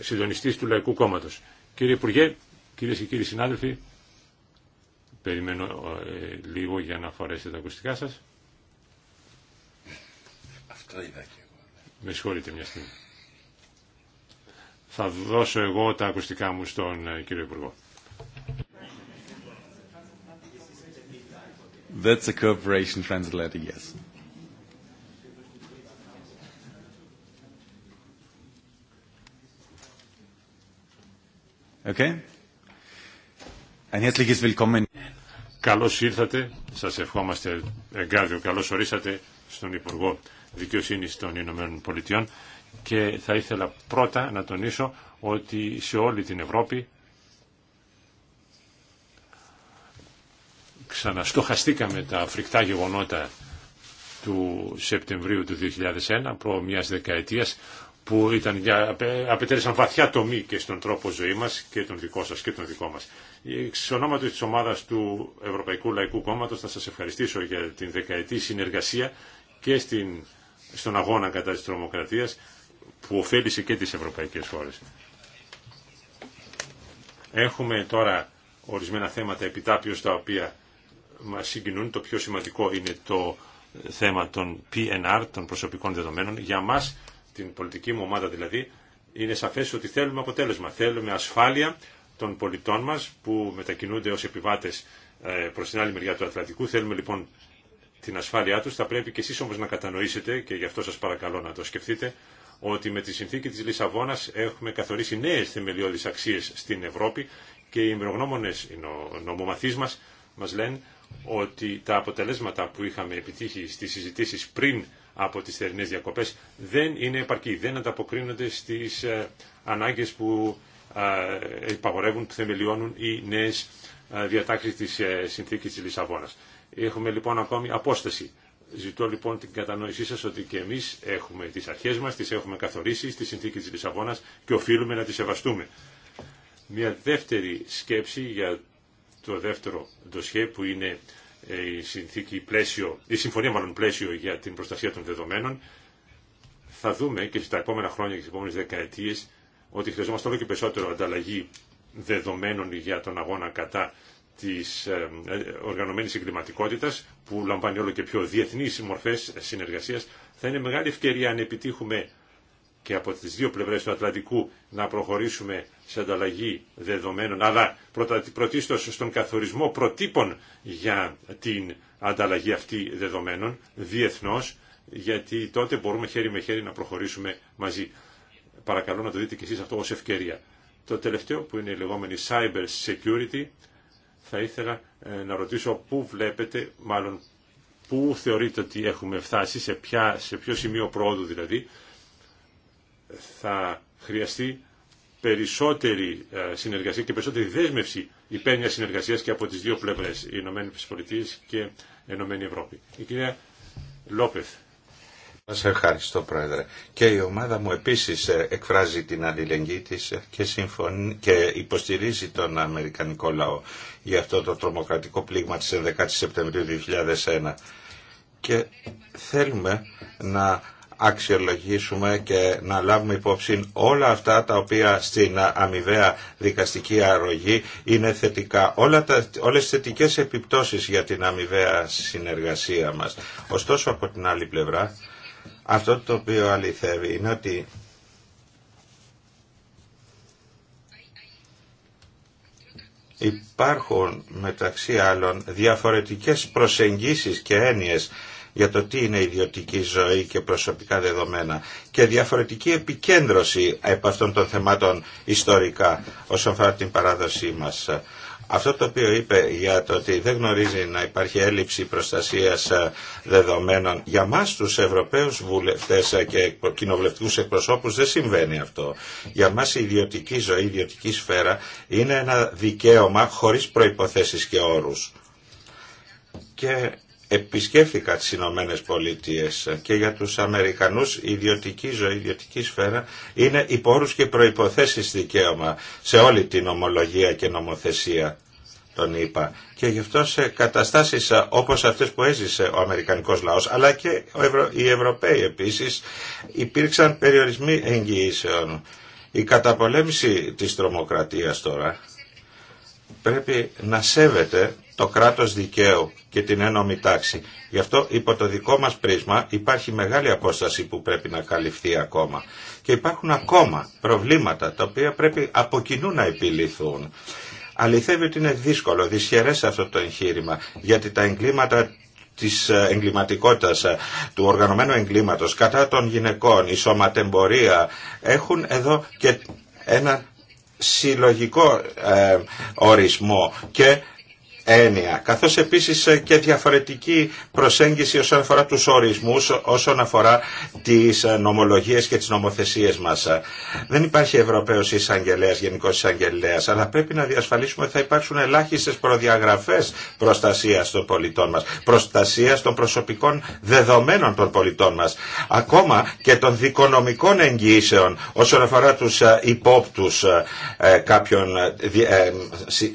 συντονιστής του Λαϊκού κόμματο. Κύριε Υπουργέ, κύριε και κύριοι συνάδελφοι, περιμένω ε, λίγο για να φορέσετε τα ακουστικά σας. Αυτό είδα και εγώ. Με συγχωρείτε μια στιγμή. Θα δώσω εγώ τα ακουστικά μου στον ε, κύριο Υπουργό. That's a cooperation translator, yes. Okay. Καλώς ήρθατε, σας ευχόμαστε εγκάβιο, καλώς ορίσατε στον Υπουργό Δικαιοσύνη των Ηνωμένων Πολιτειών και θα ήθελα πρώτα να τονίσω ότι σε όλη την Ευρώπη ξαναστοχαστήκαμε τα φρικτά γεγονότα του Σεπτεμβρίου του 2001, προ μιας δεκαετίας, που ήταν για, απαιτέλεσαν βαθιά τομή και στον τρόπο ζωή μα και τον δικό σα και τον δικό μα. Εξ ονόματο τη ομάδα του Ευρωπαϊκού Λαϊκού Κόμματο θα σα ευχαριστήσω για την δεκαετή συνεργασία και στην, στον αγώνα κατά τη τρομοκρατία που ωφέλησε και τι ευρωπαϊκέ χώρε. Έχουμε τώρα ορισμένα θέματα επιτάπιος τα οποία μας συγκινούν. Το πιο σημαντικό είναι το θέμα των PNR, των προσωπικών δεδομένων. Για μας την πολιτική μου ομάδα δηλαδή, είναι σαφές ότι θέλουμε αποτέλεσμα. Θέλουμε ασφάλεια των πολιτών μας που μετακινούνται ως επιβάτες ε, προς την άλλη μεριά του Ατλαντικού. Θέλουμε λοιπόν την ασφάλειά τους. Θα πρέπει και εσείς όμως να κατανοήσετε και γι' αυτό σας παρακαλώ να το σκεφτείτε ότι με τη συνθήκη της Λισαβόνας έχουμε καθορίσει νέες θεμελιώδεις αξίες στην Ευρώπη και οι ημερογνώμονες, οι νομομαθείς μας, μας λένε ότι τα αποτελέσματα που είχαμε επιτύχει στι συζητήσει πριν από τις θερινές διακοπές δεν είναι επαρκή, δεν ανταποκρίνονται στις ε, ανάγκες που ε, υπαγορεύουν, που θεμελιώνουν οι νέες ε, διατάξεις της συνθήκης της Λισαβόνας. Έχουμε λοιπόν ακόμη απόσταση. Ζητώ λοιπόν την κατανόησή σας ότι και εμείς έχουμε τις αρχές μας, τις έχουμε καθορίσει στη συνθήκη της Λισαβόνας και οφείλουμε να τις σεβαστούμε. Μια δεύτερη σκέψη για το δεύτερο ντοσιέ που είναι ε, η, συνθήκη η συμφωνία μάλλον πλαίσιο για την προστασία των δεδομένων, θα δούμε και στα επόμενα χρόνια και στις επόμενες δεκαετίες ότι χρειαζόμαστε όλο και περισσότερο ανταλλαγή δεδομένων για τον αγώνα κατά της ε, ε, οργανωμένης εγκληματικότητας που λαμβάνει όλο και πιο διεθνείς μορφές συνεργασίας θα είναι μεγάλη ευκαιρία αν επιτύχουμε και από τις δύο πλευρές του Ατλαντικού να προχωρήσουμε σε ανταλλαγή δεδομένων, αλλά πρωτίστως στον καθορισμό προτύπων για την ανταλλαγή αυτή δεδομένων διεθνώς, γιατί τότε μπορούμε χέρι με χέρι να προχωρήσουμε μαζί. Παρακαλώ να το δείτε και εσείς αυτό ως ευκαιρία. Το τελευταίο που είναι η λεγόμενη cyber security, θα ήθελα ε, να ρωτήσω πού βλέπετε, μάλλον πού θεωρείτε ότι έχουμε φτάσει, σε, ποια, σε ποιο σημείο πρόοδου δηλαδή, θα χρειαστεί περισσότερη ε, συνεργασία και περισσότερη δέσμευση υπέρ μια συνεργασία και από τι δύο πλευρέ, οι ΗΠΑ και η Ενωμένη Ευρώπη. Η κυρία Λόπεθ. Σας ευχαριστώ Πρόεδρε. Και η ομάδα μου επίσης ε, εκφράζει την αλληλεγγύη της και, συμφωνεί, και υποστηρίζει τον Αμερικανικό λαό για αυτό το τρομοκρατικό πλήγμα της 11 Σεπτεμβρίου 2001. Και θέλουμε να αξιολογήσουμε και να λάβουμε υπόψη όλα αυτά τα οποία στην αμοιβαία δικαστική αρρωγή είναι θετικά. Όλα τα, όλες τις θετικές επιπτώσεις για την αμοιβαία συνεργασία μας. Ωστόσο από την άλλη πλευρά αυτό το οποίο αληθεύει είναι ότι υπάρχουν μεταξύ άλλων διαφορετικές προσεγγίσεις και έννοιες για το τι είναι ιδιωτική ζωή και προσωπικά δεδομένα και διαφορετική επικέντρωση από αυτών των θεμάτων ιστορικά όσον αφορά την παράδοσή μας. Αυτό το οποίο είπε για το ότι δεν γνωρίζει να υπάρχει έλλειψη προστασίας ε, δεδομένων, για μας τους Ευρωπαίους βουλευτές ε, και κοινοβουλευτικούς εκπροσώπους δεν συμβαίνει αυτό. Για μας η ιδιωτική ζωή, η ιδιωτική σφαίρα είναι ένα δικαίωμα χωρίς προϋποθέσεις και όρους επισκέφθηκα τις Ηνωμένε Πολιτείε και για τους Αμερικανούς η ιδιωτική ζωή, ιδιωτική σφαίρα είναι υπόρους και προϋποθέσεις δικαίωμα σε όλη την ομολογία και νομοθεσία τον είπα. Και γι' αυτό σε καταστάσεις όπως αυτές που έζησε ο Αμερικανικός λαός, αλλά και οι Ευρωπαίοι επίσης, υπήρξαν περιορισμοί εγγυήσεων. Η καταπολέμηση της τρομοκρατίας τώρα πρέπει να σέβεται το κράτος δικαίου και την ένωμη τάξη. Γι' αυτό υπό το δικό μας πρίσμα υπάρχει μεγάλη απόσταση που πρέπει να καλυφθεί ακόμα. Και υπάρχουν ακόμα προβλήματα τα οποία πρέπει από κοινού να επιληθούν. Αληθεύει ότι είναι δύσκολο, δυσχερές αυτό το εγχείρημα, γιατί τα εγκλήματα της ε, εγκληματικότητας, ε, του οργανωμένου εγκλήματος κατά των γυναικών, η σωματεμπορία, έχουν εδώ και ένα συλλογικό ε, ορισμό και έννοια, καθώς επίσης και διαφορετική προσέγγιση όσον αφορά τους ορισμούς, όσον αφορά τις νομολογίες και τις νομοθεσίες μας. Δεν υπάρχει Ευρωπαίος Εισαγγελέας, Γενικός Εισαγγελέας, αλλά πρέπει να διασφαλίσουμε ότι θα υπάρξουν ελάχιστες προδιαγραφές προστασίας των πολιτών μας, προστασίας των προσωπικών δεδομένων των πολιτών μας, ακόμα και των δικονομικών εγγυήσεων όσον αφορά τους ε, υπόπτους ε, κάποιων, ε,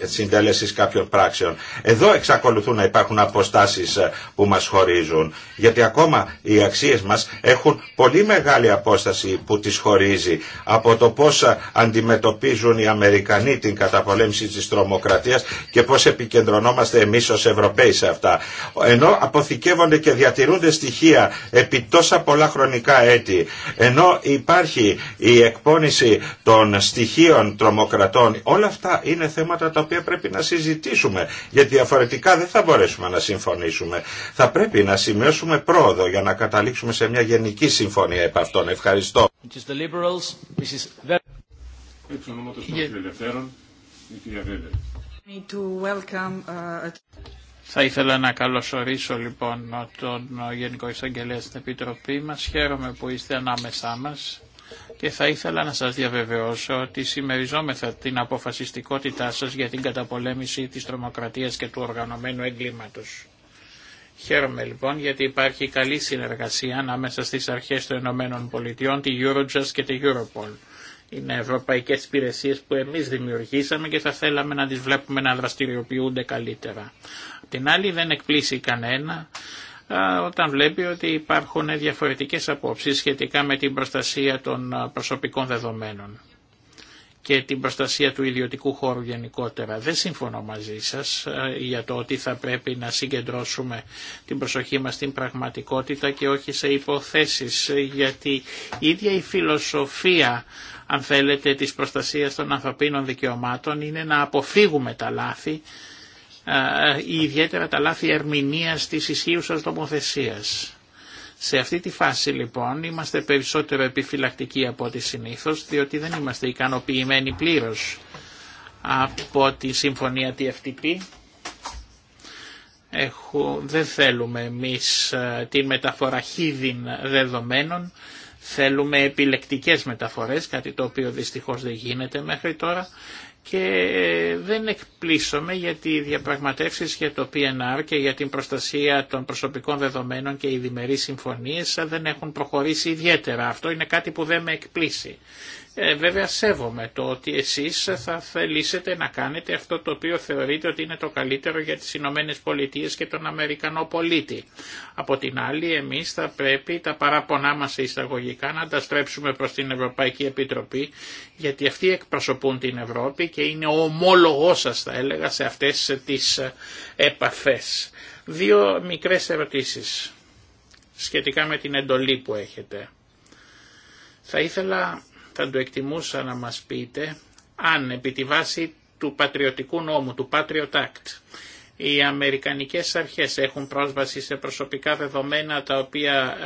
συντέλεσης κάποιων πράξεων. Εδώ εξακολουθούν να υπάρχουν αποστάσεις ε, που μας χωρίζουν. Γιατί ακόμα οι αξίες μας έχουν πολύ μεγάλη απόσταση που τις χωρίζει από το πώς ε, αντιμετωπίζουν οι Αμερικανοί την καταπολέμηση της τρομοκρατίας και πώς επικεντρωνόμαστε εμείς ως Ευρωπαίοι σε αυτά. Ενώ αποθηκεύονται και διατηρούνται στοιχεία επί τόσα πολλά χρονικά έτη. Ενώ υπάρχει η εκπόνηση των στοιχείων τρομοκρατών. Όλα αυτά είναι θέματα τα οποία πρέπει να συζητήσουμε γιατί διαφορετικά δεν θα μπορέσουμε να συμφωνήσουμε. Θα πρέπει να σημειώσουμε πρόοδο για να καταλήξουμε σε μια γενική συμφωνία επ' αυτών. Ευχαριστώ. Uh, θα ήθελα να καλωσορίσω λοιπόν τον uh, Γενικό Εισαγγελέα στην Επιτροπή μας. Χαίρομαι που είστε ανάμεσά μας και θα ήθελα να σας διαβεβαιώσω ότι συμμεριζόμεθα την αποφασιστικότητά σας για την καταπολέμηση της τρομοκρατίας και του οργανωμένου εγκλήματος. Χαίρομαι λοιπόν γιατί υπάρχει καλή συνεργασία ανάμεσα στις αρχές των Ηνωμένων Πολιτειών, τη Eurojust και τη Europol. Είναι ευρωπαϊκές υπηρεσίε που εμείς δημιουργήσαμε και θα θέλαμε να τις βλέπουμε να δραστηριοποιούνται καλύτερα. Απ' την άλλη δεν εκπλήσει κανένα όταν βλέπει ότι υπάρχουν διαφορετικές απόψεις σχετικά με την προστασία των προσωπικών δεδομένων και την προστασία του ιδιωτικού χώρου γενικότερα. Δεν συμφωνώ μαζί σας για το ότι θα πρέπει να συγκεντρώσουμε την προσοχή μας στην πραγματικότητα και όχι σε υποθέσεις, γιατί η ίδια η φιλοσοφία, αν θέλετε, της προστασίας των ανθρωπίνων δικαιωμάτων είναι να αποφύγουμε τα λάθη ή ιδιαίτερα τα λάθη ερμηνείας της ισχύουσας τοποθεσίας. Σε αυτή τη φάση λοιπόν είμαστε περισσότερο επιφυλακτικοί από ό,τι συνήθως, διότι δεν είμαστε ικανοποιημένοι πλήρως από τη συμφωνία TFTP. Έχω, δεν θέλουμε εμείς την μεταφορά χίδιν δεδομένων, θέλουμε επιλεκτικές μεταφορές, κάτι το οποίο δυστυχώς δεν γίνεται μέχρι τώρα και ε, δεν εκπλήσωμε γιατί οι διαπραγματεύσεις για το PNR και για την προστασία των προσωπικών δεδομένων και οι διμερείς συμφωνίες δεν έχουν προχωρήσει ιδιαίτερα. Αυτό είναι κάτι που δεν με εκπλήσει. Ε, βέβαια σέβομαι το ότι εσείς θα θελήσετε να κάνετε αυτό το οποίο θεωρείτε ότι είναι το καλύτερο για τις Ηνωμένε Πολιτείε και τον Αμερικανό πολίτη. Από την άλλη εμείς θα πρέπει τα παράπονά μας εισαγωγικά να τα στρέψουμε προς την Ευρωπαϊκή Επιτροπή γιατί αυτοί εκπροσωπούν την Ευρώπη και είναι ο ομόλογός σας θα έλεγα σε αυτές τις επαφές. Δύο μικρές ερωτήσεις σχετικά με την εντολή που έχετε. Θα ήθελα θα το εκτιμούσα να μας πείτε αν επί τη βάση του πατριωτικού νόμου, του Patriot Act, οι Αμερικανικές αρχές έχουν πρόσβαση σε προσωπικά δεδομένα τα οποία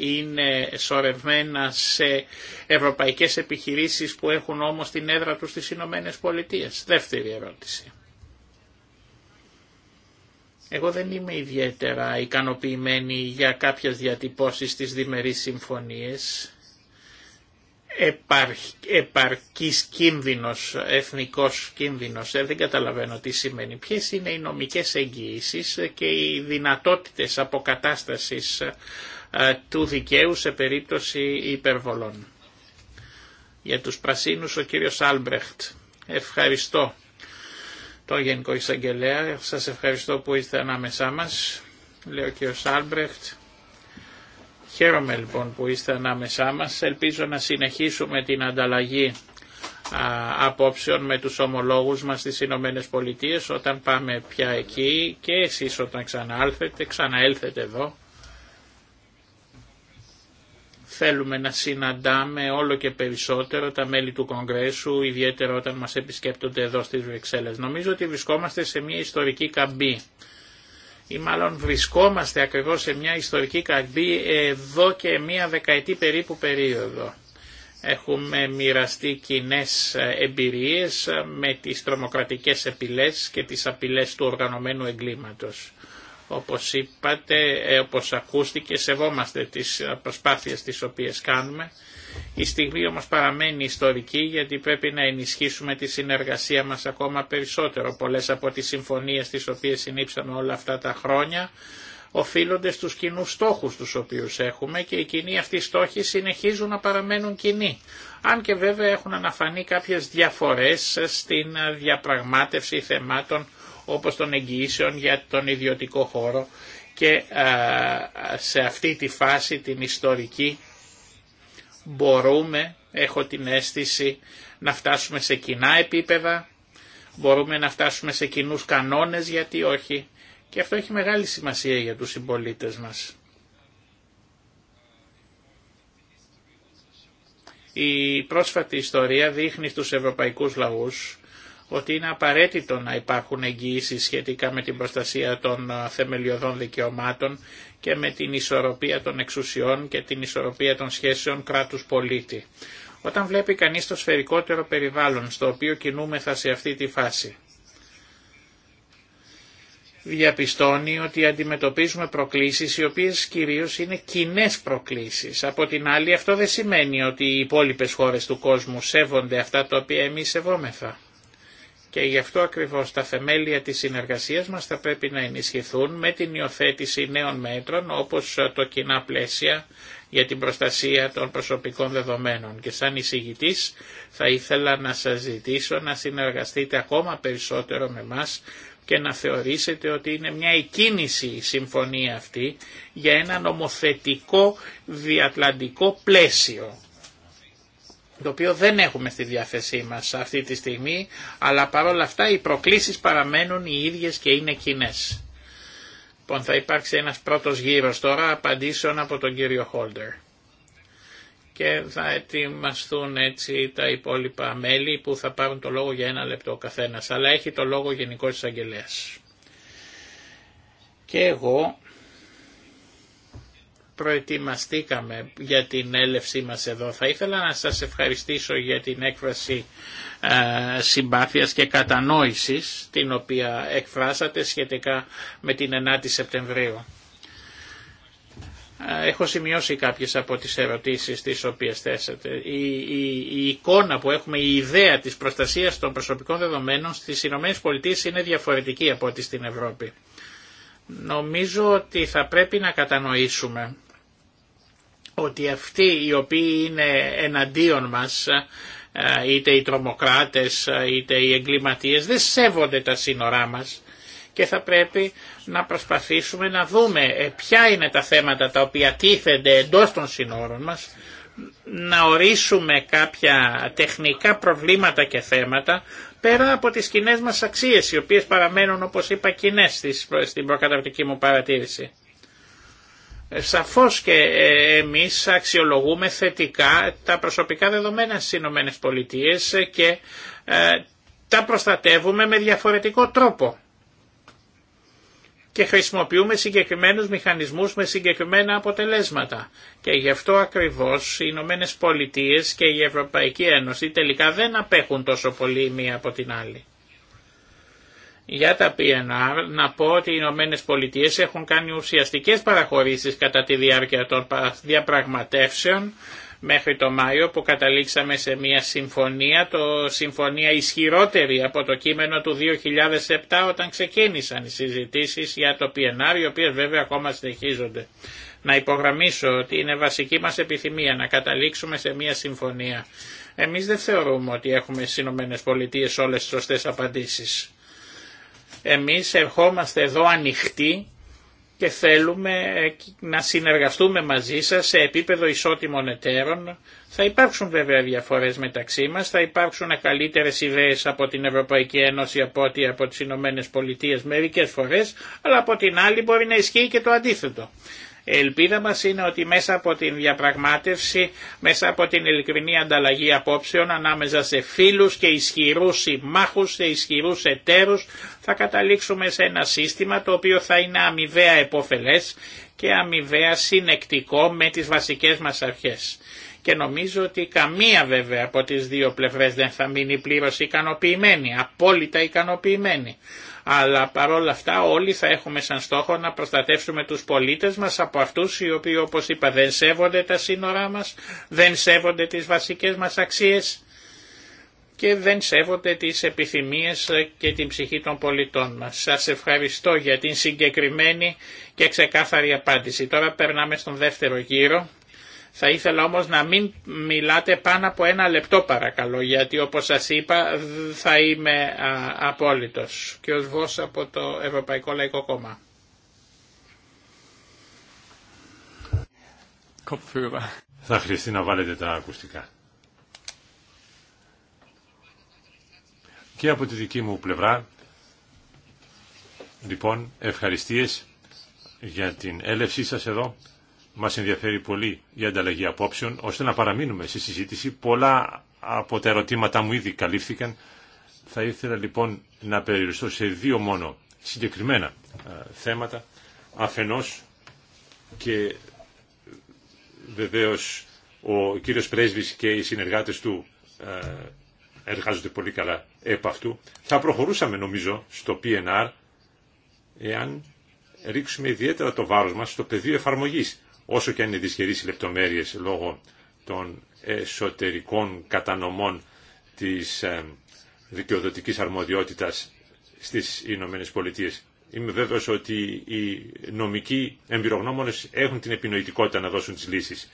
ε, είναι σωρευμένα σε ευρωπαϊκές επιχειρήσεις που έχουν όμως την έδρα τους στις Ηνωμένε Πολιτείες. Δεύτερη ερώτηση. Εγώ δεν είμαι ιδιαίτερα ικανοποιημένη για κάποιες διατυπώσεις στις διμερείς συμφωνίες επαρκής κίνδυνος, εθνικός κίνδυνος. Ε, δεν καταλαβαίνω τι σημαίνει. Ποιες είναι οι νομικές εγγυήσεις και οι δυνατότητες αποκατάστασης ε, του δικαίου σε περίπτωση υπερβολών. Για τους πρασίνους ο κύριος Άλμπρεχτ. Ευχαριστώ το Γενικό Εισαγγελέα. Σας ευχαριστώ που είστε ανάμεσά μας. λέει ο κύριος Άλμπρεχτ Χαίρομαι λοιπόν που είστε ανάμεσά μας. Ελπίζω να συνεχίσουμε την ανταλλαγή απόψεων με τους ομολόγους μας στις Ηνωμένε Πολιτείε όταν πάμε πια εκεί και εσείς όταν ξαναέλθετε, ξαναέλθετε εδώ. Θέλουμε να συναντάμε όλο και περισσότερο τα μέλη του Κογκρέσου, ιδιαίτερα όταν μας επισκέπτονται εδώ στις Βρυξέλλες. Νομίζω ότι βρισκόμαστε σε μια ιστορική καμπή ή μάλλον βρισκόμαστε ακριβώς σε μια ιστορική καρδί εδώ και μια δεκαετή περίπου περίοδο. Έχουμε μοιραστεί κοινέ εμπειρίες με τις τρομοκρατικές επιλές και τις απειλές του οργανωμένου εγκλήματος. Όπως είπατε, όπως ακούστηκε, σεβόμαστε τις προσπάθειες τις οποίες κάνουμε η στιγμή όμως παραμένει ιστορική γιατί πρέπει να ενισχύσουμε τη συνεργασία μας ακόμα περισσότερο. Πολλές από τις συμφωνίες τις οποίες συνήψαμε όλα αυτά τα χρόνια οφείλονται στους κοινού στόχους τους οποίους έχουμε και οι κοινοί αυτοί στόχοι συνεχίζουν να παραμένουν κοινοί. Αν και βέβαια έχουν αναφανεί κάποιες διαφορές στην διαπραγμάτευση θεμάτων όπως των εγγυήσεων για τον ιδιωτικό χώρο και σε αυτή τη φάση την ιστορική μπορούμε, έχω την αίσθηση, να φτάσουμε σε κοινά επίπεδα, μπορούμε να φτάσουμε σε κοινού κανόνες, γιατί όχι. Και αυτό έχει μεγάλη σημασία για τους συμπολίτε μας. Η πρόσφατη ιστορία δείχνει στους ευρωπαϊκούς λαούς ότι είναι απαραίτητο να υπάρχουν εγγυήσει σχετικά με την προστασία των ε, θεμελιωδών δικαιωμάτων και με την ισορροπία των εξουσιών και την ισορροπία των σχέσεων κράτους-πολίτη. Όταν βλέπει κανείς το σφαιρικότερο περιβάλλον στο οποίο κινούμεθα σε αυτή τη φάση, διαπιστώνει ότι αντιμετωπίζουμε προκλήσεις οι οποίες κυρίως είναι κοινέ προκλήσεις. Από την άλλη αυτό δεν σημαίνει ότι οι υπόλοιπε χώρες του κόσμου σέβονται αυτά τα οποία εμείς σεβόμεθα. Και γι' αυτό ακριβώς τα θεμέλια της συνεργασίας μας θα πρέπει να ενισχυθούν με την υιοθέτηση νέων μέτρων όπως ε, το κοινά πλαίσια για την προστασία των προσωπικών δεδομένων. Και σαν εισηγητής θα ήθελα να σας ζητήσω να συνεργαστείτε ακόμα περισσότερο με μας και να θεωρήσετε ότι είναι μια εκκίνηση η συμφωνία αυτή για ένα νομοθετικό διατλαντικό πλαίσιο το οποίο δεν έχουμε στη διάθεσή μας αυτή τη στιγμή, αλλά παρόλα αυτά οι προκλήσεις παραμένουν οι ίδιες και είναι κοινέ. Λοιπόν, θα υπάρξει ένας πρώτος γύρος τώρα απαντήσεων από τον κύριο Χόλτερ. Και θα ετοιμαστούν έτσι τα υπόλοιπα μέλη που θα πάρουν το λόγο για ένα λεπτό ο καθένας, αλλά έχει το λόγο Γενικός Εισαγγελέας. Και εγώ προετοιμαστήκαμε για την έλευσή μας εδώ. Θα ήθελα να σας ευχαριστήσω για την έκφραση ε, συμπάθειας και κατανόησης την οποία εκφράσατε σχετικά με την 9η Σεπτεμβρίου. Ε, έχω σημειώσει κάποιες από τις ερωτήσεις τις οποίες θέσατε. Η, εικόνα που έχουμε, η ιδέα της προστασίας των προσωπικών δεδομένων στις Ηνωμένες είναι διαφορετική από ό,τι στην Ευρώπη. Νομίζω ότι θα πρέπει να κατανοήσουμε ότι αυτοί οι οποίοι είναι εναντίον μας, ε, είτε οι τρομοκράτες ε, είτε οι εγκληματίες, δεν σέβονται τα σύνορά μας και θα πρέπει να προσπαθήσουμε να δούμε ε, ποια είναι τα θέματα τα οποία τίθενται εντός των σύνορων μας, να ορίσουμε κάποια τεχνικά προβλήματα και θέματα πέρα από τις κοινέ μας αξίες, οι οποίες παραμένουν όπως είπα κοινέ στην προκαταρτική μου παρατήρηση. Ε, σαφώς και ε, εμείς αξιολογούμε θετικά τα προσωπικά δεδομένα στις Ηνωμένες Πολιτείες και ε, τα προστατεύουμε με διαφορετικό τρόπο και χρησιμοποιούμε συγκεκριμένους μηχανισμούς με συγκεκριμένα αποτελέσματα. Και γι' αυτό ακριβώς οι Ηνωμένες Πολιτείες και η Ευρωπαϊκή Ένωση τελικά δεν απέχουν τόσο πολύ μία από την άλλη. Για τα PNR να πω ότι οι Ηνωμένε Πολιτείε έχουν κάνει ουσιαστικές παραχωρήσεις κατά τη διάρκεια των διαπραγματεύσεων μέχρι το Μάιο που καταλήξαμε σε μια συμφωνία, το συμφωνία ισχυρότερη από το κείμενο του 2007 όταν ξεκίνησαν οι συζητήσεις για το PNR, οι οποίες βέβαια ακόμα συνεχίζονται. Να υπογραμμίσω ότι είναι βασική μας επιθυμία να καταλήξουμε σε μια συμφωνία. Εμείς δεν θεωρούμε ότι έχουμε στις Ηνωμένες Πολιτείες όλες τις σωστές απαντήσεις. Εμείς ερχόμαστε εδώ ανοιχτοί και θέλουμε να συνεργαστούμε μαζί σας σε επίπεδο ισότιμων εταίρων. Θα υπάρξουν βέβαια διαφορές μεταξύ μας, θα υπάρξουν καλύτερες ιδέες από την Ευρωπαϊκή Ένωση από ό,τι από τις Ηνωμένες Πολιτείες μερικές φορές, αλλά από την άλλη μπορεί να ισχύει και το αντίθετο ελπίδα μας είναι ότι μέσα από την διαπραγμάτευση, μέσα από την ειλικρινή ανταλλαγή απόψεων ανάμεσα σε φίλους και ισχυρούς συμμάχους, σε ισχυρούς εταίρους θα καταλήξουμε σε ένα σύστημα το οποίο θα είναι αμοιβαία επωφελές και αμοιβαία συνεκτικό με τις βασικές μας αρχές και νομίζω ότι καμία βέβαια από τις δύο πλευρές δεν θα μείνει πλήρως ικανοποιημένη, απόλυτα ικανοποιημένη. Αλλά παρόλα αυτά όλοι θα έχουμε σαν στόχο να προστατεύσουμε τους πολίτες μας από αυτούς οι οποίοι όπως είπα δεν σέβονται τα σύνορά μας, δεν σέβονται τις βασικές μας αξίες και δεν σέβονται τις επιθυμίες και την ψυχή των πολιτών μας. Σας ευχαριστώ για την συγκεκριμένη και ξεκάθαρη απάντηση. Τώρα περνάμε στον δεύτερο γύρο θα ήθελα όμως να μην μιλάτε πάνω από ένα λεπτό παρακαλώ, γιατί όπως σας είπα θα είμαι απόλυτος. Και ως Βος από το Ευρωπαϊκό Λαϊκό Κόμμα. Θα χρειαστεί να βάλετε τα ακουστικά. Και από τη δική μου πλευρά, λοιπόν, ευχαριστίες για την έλευσή σας εδώ Μα ενδιαφέρει πολύ η ανταλλαγή απόψεων, ώστε να παραμείνουμε στη συζήτηση. Πολλά από τα ερωτήματα μου ήδη καλύφθηκαν. Θα ήθελα λοιπόν να περιοριστώ σε δύο μόνο συγκεκριμένα ε, θέματα. Αφενός και βεβαίως ο κύριος Πρέσβης και οι συνεργάτες του ε, εργάζονται πολύ καλά επ' αυτού. Θα προχωρούσαμε νομίζω στο PNR εάν ρίξουμε ιδιαίτερα το βάρος μας στο πεδίο εφαρμογής όσο και αν είναι δυσχερείς οι λεπτομέρειες λόγω των εσωτερικών κατανομών της ε, δικαιοδοτικής αρμοδιότητας στις Ηνωμένες Πολιτείες. Είμαι βέβαιος ότι οι νομικοί εμπειρογνώμονες έχουν την επινοητικότητα να δώσουν τις λύσεις.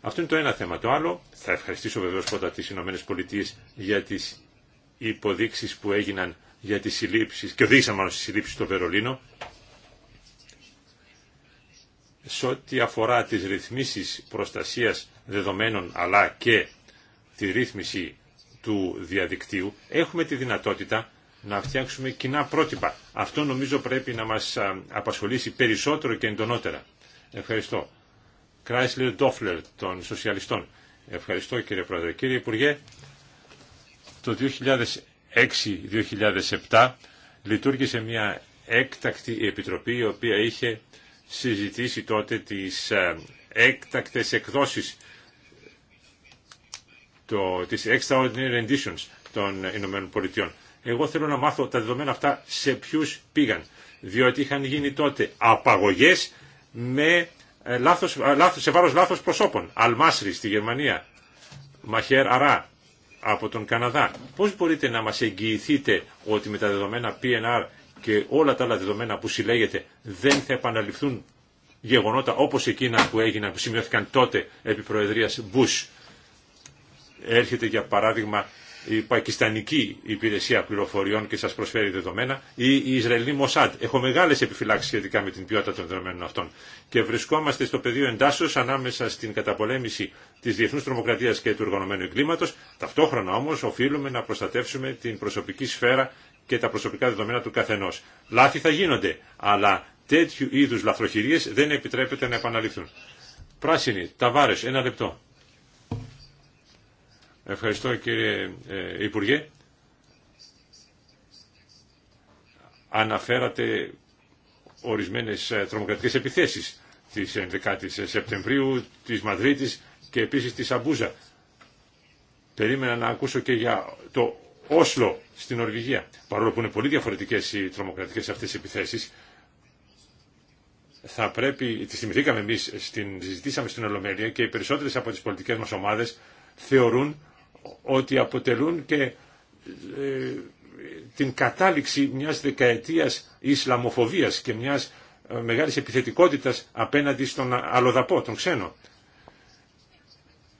Αυτό είναι το ένα θέμα. Το άλλο, θα ευχαριστήσω βεβαίως πρώτα τις Ηνωμένες Πολιτείες για τις υποδείξεις που έγιναν για τις συλλήψεις και οδήγησαν μάλλον στις συλλήψεις στο Βερολίνο σε ό,τι αφορά τις ρυθμίσεις προστασίας δεδομένων αλλά και τη ρύθμιση του διαδικτύου, έχουμε τη δυνατότητα να φτιάξουμε κοινά πρότυπα. Αυτό νομίζω πρέπει να μας απασχολήσει περισσότερο και εντονότερα. Ευχαριστώ. Κράισλερ Ντόφλερ των Σοσιαλιστών. Ευχαριστώ κύριε Πρόεδρε. Κύριε Υπουργέ, το 2006-2007 λειτουργήσε μια έκτακτη επιτροπή η οποία είχε συζητήσει τότε τις ε, έκτακτες εκδόσεις το, τις extraordinary renditions των Ηνωμένων Πολιτειών. Εγώ θέλω να μάθω τα δεδομένα αυτά σε ποιους πήγαν, διότι είχαν γίνει τότε απαγωγές με ε, λάθος, ε, λάθος, σε βάρος λάθος προσώπων. Αλμάσρι στη Γερμανία, Μαχέρ Αρά από τον Καναδά. Πώς μπορείτε να μας εγγυηθείτε ότι με τα δεδομένα PNR και όλα τα άλλα δεδομένα που συλλέγεται δεν θα επαναληφθούν γεγονότα όπως εκείνα που έγιναν, που σημειώθηκαν τότε επί Προεδρίας Bush. Έρχεται για παράδειγμα η Πακιστανική Υπηρεσία Πληροφοριών και σας προσφέρει δεδομένα ή η Ισραηλή Μοσάντ. Έχω μεγάλες επιφυλάξεις σχετικά με την ποιότητα των δεδομένων αυτών. Και βρισκόμαστε στο πεδίο εντάσσεως ανάμεσα στην καταπολέμηση της διεθνούς τρομοκρατίας και του οργανωμένου εγκλήματος. Ταυτόχρονα όμως οφείλουμε να προστατεύσουμε την προσωπική σφαίρα και τα προσωπικά δεδομένα του καθενός. Λάθη θα γίνονται, αλλά τέτοιου είδους λαθροχειρίες δεν επιτρέπεται να επαναληφθούν. Πράσινη, Ταβάρες, ένα λεπτό. Ευχαριστώ κύριε ε, Υπουργέ. Αναφέρατε ορισμένες ε, τρομοκρατικές επιθέσεις της 11ης Σεπτεμβρίου, της Μαδρίτης και επίσης της Αμπούζα. Περίμενα να ακούσω και για το Όσλο στην Νορβηγία. Παρόλο που είναι πολύ διαφορετικές οι τρομοκρατικές αυτές επιθέσεις, θα πρέπει, τη θυμηθήκαμε εμείς, συζητήσαμε στην Ολομέλεια και οι περισσότερες από τις πολιτικές μας ομάδες θεωρούν ότι αποτελούν και ε, την κατάληξη μιας δεκαετίας Ισλαμοφοβίας και μιας ε, μεγάλης επιθετικότητα απέναντι στον αλλοδαπό, τον ξένο.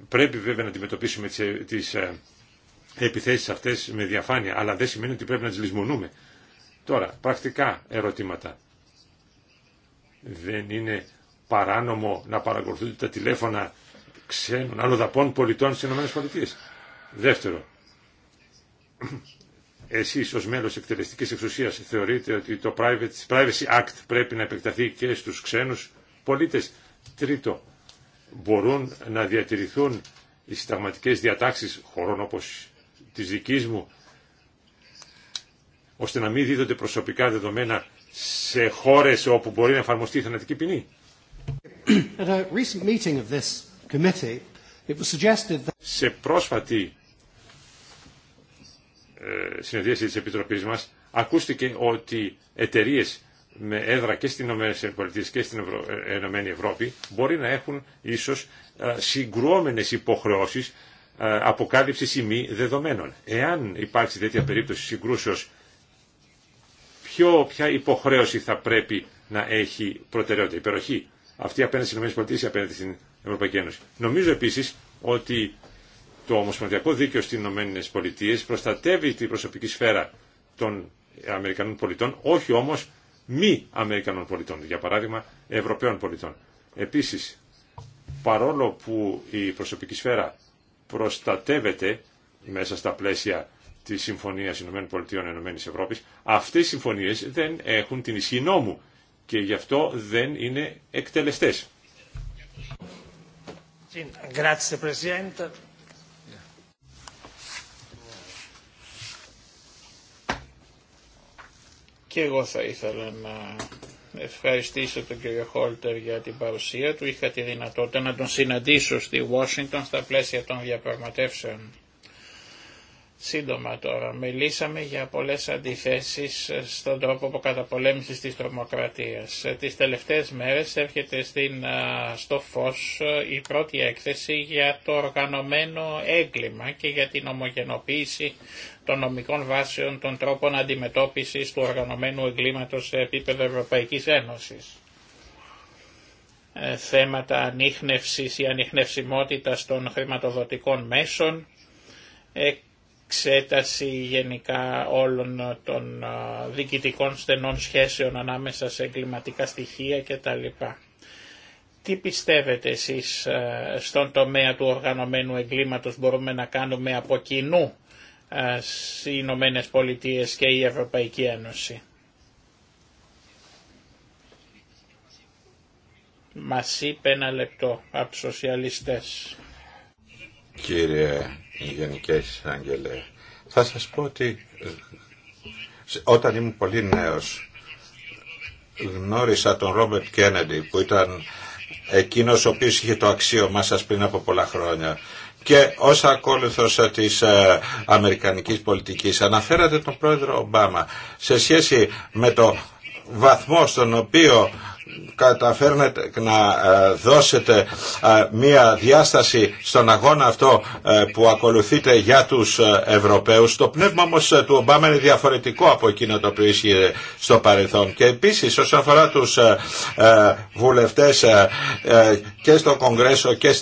Πρέπει βέβαια να αντιμετωπίσουμε τις ε, επιθέσεις αυτές με διαφάνεια, αλλά δεν σημαίνει ότι πρέπει να τις λησμονούμε. Τώρα, πρακτικά ερωτήματα. Δεν είναι παράνομο να παρακολουθούνται τα τηλέφωνα ξένων αλλοδαπών πολιτών στις ΗΠΑ. Δεύτερο, εσείς ως μέλος εκτελεστικής εξουσίας θεωρείτε ότι το Privacy Act πρέπει να επεκταθεί και στους ξένους πολίτες. Τρίτο, μπορούν να διατηρηθούν οι συνταγματικές διατάξεις χωρών όπως της δικής μου, ώστε να μην δίδονται προσωπικά δεδομένα σε χώρες όπου μπορεί να εφαρμοστεί η θανατική ποινή. Σε πρόσφατη ε, συνεδρίαση της Επιτροπής μας ακούστηκε ότι εταιρείε με έδρα και στην ΗΠΑ και στην Ευρω... Ε, Ευρώπη μπορεί να έχουν ίσως ε, συγκρουόμενες υποχρεώσεις ε, αποκάλυψη ή μη δεδομένων. Εάν υπάρξει τέτοια περίπτωση συγκρούσεως, ποια υποχρέωση θα πρέπει να έχει προτεραιότητα, υπεροχή αυτή απέναντι στις ΗΠΑ ή απέναντι στην Ευρωπαϊκή Ένωση. Νομίζω επίσης ότι το Ομοσπονδιακό Δίκαιο στις ΗΠΑ προστατεύει την προσωπική σφαίρα των Αμερικανών πολιτών, όχι όμως μη Αμερικανών πολιτών, για παράδειγμα Ευρωπαίων πολιτών. Επίσης, παρόλο που η προσωπική σφαίρα προστατεύεται μέσα στα πλαίσια τη Συμφωνία Ευρώπη, Αυτέ οι συμφωνίε δεν έχουν την ισχύ νόμου και γι' αυτό δεν είναι εκτελεστέ. Και εγώ θα ήθελα να ευχαριστήσω τον κύριο Χόλτερ για την παρουσία του. Είχα τη δυνατότητα να τον συναντήσω στη Washington στα πλαίσια των διαπραγματεύσεων Σύντομα τώρα, μιλήσαμε για πολλές αντιθέσεις στον τρόπο που καταπολέμησε τη τρομοκρατίας. Τις τελευταίες μέρες έρχεται στην, στο φως η πρώτη έκθεση για το οργανωμένο έγκλημα και για την ομογενοποίηση των νομικών βάσεων των τρόπων αντιμετώπισης του οργανωμένου εγκλήματος σε επίπεδο Ευρωπαϊκής Ένωσης ε, θέματα ανείχνευσης ή ανιχνευσιμότητας των χρηματοδοτικών μέσων, ε, εξέταση γενικά όλων των διοικητικών στενών σχέσεων ανάμεσα σε εγκληματικά στοιχεία κτλ. Τι πιστεύετε εσείς στον τομέα του οργανωμένου εγκλήματος μπορούμε να κάνουμε από κοινού στι Ηνωμένε Πολιτείε και η Ευρωπαϊκή Ένωση. Μας είπε ένα λεπτό από σοσιαλιστές. Κύριε Γενικέ Εισαγγελέα. Θα σας πω ότι ε, όταν ήμουν πολύ νέος γνώρισα τον Ρόμπερτ Κέννεντι που ήταν εκείνος ο οποίος είχε το αξίωμά σας πριν από πολλά χρόνια και ως ακόλουθος της ε, αμερικανικής πολιτικής αναφέρατε τον πρόεδρο Ομπάμα σε σχέση με το βαθμό στον οποίο καταφέρνετε να ε, δώσετε ε, μία διάσταση στον αγώνα αυτό ε, που ακολουθείτε για τους Ευρωπαίους. Το πνεύμα όμως του Ομπάμα είναι διαφορετικό από εκείνο το οποίο ίσχυε στο παρελθόν. Και επίσης όσον αφορά τους βουλευτές και στο Κογκρέσο και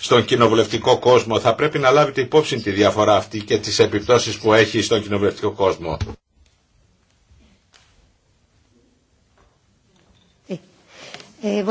στον κοινοβουλευτικό κόσμο θα πρέπει να λάβετε υπόψη τη διαφορά αυτή και τις επιπτώσεις που έχει στον κοινοβουλευτικό κόσμο. Ε,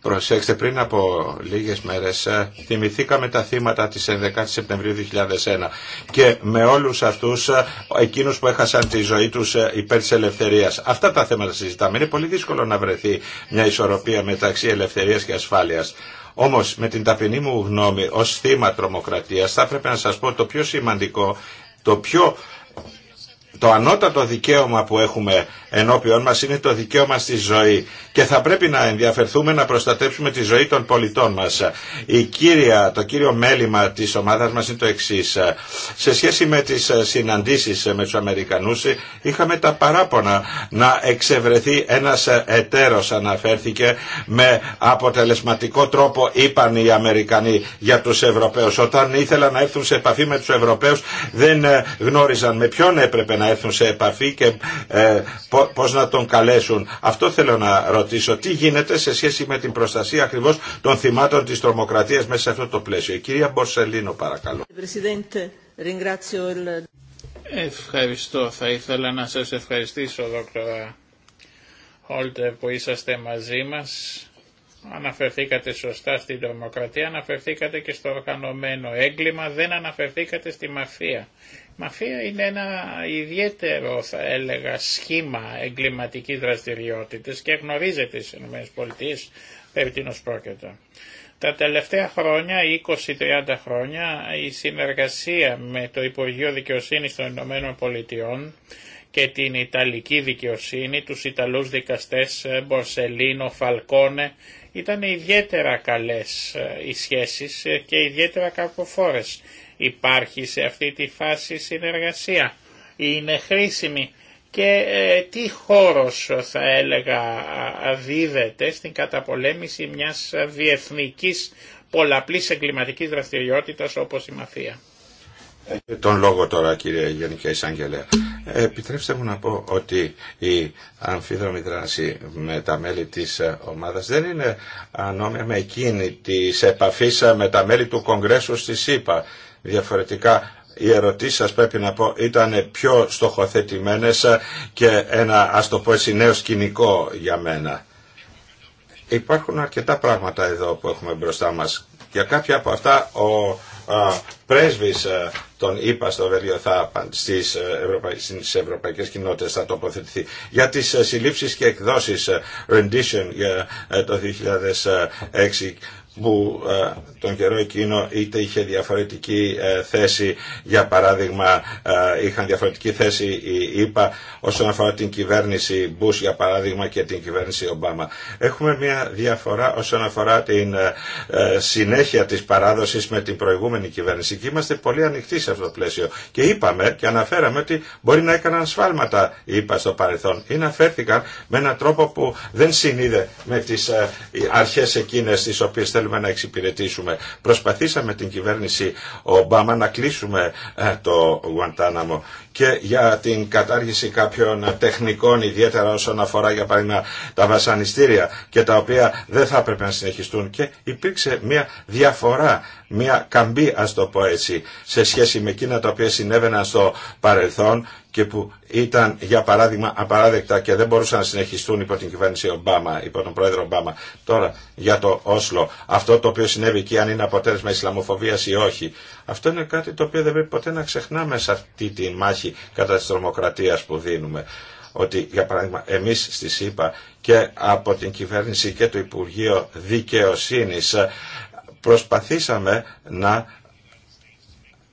Προσέξτε, πριν από λίγες μέρες ε, θυμηθήκαμε τα θύματα της 11 Σεπτεμβρίου 2001 και με όλους αυτούς ε, εκείνους που έχασαν τη ζωή τους υπέρ της ελευθερίας. Αυτά τα θέματα συζητάμε. Είναι πολύ δύσκολο να βρεθεί μια ισορροπία μεταξύ ελευθερίας και ασφάλειας. Όμως με την ταπεινή μου γνώμη ως θύμα τρομοκρατία, θα έπρεπε να σα πω το πιο σημαντικό, το πιο το ανώτατο δικαίωμα που έχουμε ενώπιον μας είναι το δικαίωμα στη ζωή και θα πρέπει να ενδιαφερθούμε να προστατέψουμε τη ζωή των πολιτών μας. Η κύρια, το κύριο μέλημα της ομάδας μας είναι το εξή. Σε σχέση με τις συναντήσεις με τους Αμερικανούς είχαμε τα παράπονα να εξευρεθεί ένας εταίρος αναφέρθηκε με αποτελεσματικό τρόπο είπαν οι Αμερικανοί για τους Ευρωπαίους. Όταν ήθελαν να έρθουν σε επαφή με τους Ευρωπαίους δεν γνώριζαν με ποιον έπρεπε να έρθουν σε επαφή και ε, πώς να τον καλέσουν. Αυτό θέλω να ρωτήσω. Τι γίνεται σε σχέση με την προστασία ακριβώς των θυμάτων της τρομοκρατίας μέσα σε αυτό το πλαίσιο. Η κυρία Μπορσελίνο παρακαλώ. Ευχαριστώ. Θα ήθελα να σας ευχαριστήσω, δόκτωρα Όλτερ, που είσαστε μαζί μας. Αναφερθήκατε σωστά στην τρομοκρατία, αναφερθήκατε και στο οργανωμένο έγκλημα, δεν αναφερθήκατε στη μαφία. Μαφία είναι ένα ιδιαίτερο θα έλεγα σχήμα εγκληματική δραστηριότητας και γνωρίζεται στι ΗΠΑ περί τίνο πρόκειται. Τα τελευταία χρόνια, 20-30 χρόνια, η συνεργασία με το Υπουργείο δικαιοσύνη των Ηνωμένων Πολιτειών και την Ιταλική δικαιοσύνη, τους Ιταλούς δικαστές ε, Μπορσελίνο, Φαλκόνε, ήταν ιδιαίτερα καλές ε, οι σχέσεις ε, και ιδιαίτερα καρποφόρες. Υπάρχει σε αυτή τη φάση συνεργασία. Είναι χρήσιμη. Και ε, τι χώρος θα έλεγα δίδεται στην καταπολέμηση μιας διεθνικής πολλαπλής εγκληματικής δραστηριότητας όπως η μαφία. Τον λόγο τώρα κύριε Γενική Αγγελέα. Επιτρέψτε μου να πω ότι η αμφίδρομη δράση με τα μέλη της ε, ομάδας δεν είναι ανώμια με εκείνη της επαφής ε, με τα μέλη του Κογκρέσου στη ΣΥΠΑ Διαφορετικά οι ερωτήσεις σας πρέπει να πω ήταν πιο στοχοθετημένες και ένα το πω νέο σκηνικό για μένα. Υπάρχουν αρκετά πράγματα εδώ που έχουμε μπροστά μας. Για κάποια από αυτά ο α, πρέσβης α, τον είπα στο Βέλιο θα ε, στις, ευρωπαϊκές κοινότητες θα τοποθετηθεί. Για τις ε, συλλήψεις και εκδόσεις ε, rendition για το 2006 που ε, τον καιρό εκείνο είτε είχε διαφορετική ε, θέση, για παράδειγμα ε, είχαν διαφορετική θέση οι ΕΠΑ όσον αφορά την κυβέρνηση Μπούς για παράδειγμα και την κυβέρνηση Ομπάμα. Έχουμε μια διαφορά όσον αφορά την συνέχεια της παράδοσης με την προηγούμενη κυβέρνηση και είμαστε πολύ ανοιχτοί σε αυτό το πλαίσιο και είπαμε και αναφέραμε ότι μπορεί να έκαναν σφάλματα οι ΕΠΑ στο παρελθόν ή να φέρθηκαν με έναν τρόπο που δεν συνείδε με τις αρχές εκείνες τις οποίες θέλουμε να εξυπηρετήσουμε. Προσπαθήσαμε την κυβέρνηση Ομπάμα να κλείσουμε ε, το Γουαντάναμο και για την κατάργηση κάποιων τεχνικών, ιδιαίτερα όσον αφορά για παράδειγμα τα βασανιστήρια και τα οποία δεν θα έπρεπε να συνεχιστούν και υπήρξε μια διαφορά, μια καμπή ας το πω έτσι, σε σχέση με εκείνα τα οποία συνέβαιναν στο παρελθόν και που ήταν για παράδειγμα απαράδεκτα και δεν μπορούσαν να συνεχιστούν υπό την κυβέρνηση Ομπάμα, υπό τον πρόεδρο Ομπάμα. Τώρα για το Όσλο, αυτό το οποίο συνέβη εκεί αν είναι αποτέλεσμα Ισλαμοφοβίας ή όχι. Αυτό είναι κάτι το οποίο δεν πρέπει ποτέ να ξεχνάμε σε αυτή τη μάχη κατά της τρομοκρατίας που δίνουμε. Ότι για παράδειγμα εμείς στη ΣΥΠΑ και από την κυβέρνηση και το Υπουργείο Δικαιοσύνης ε, προσπαθήσαμε να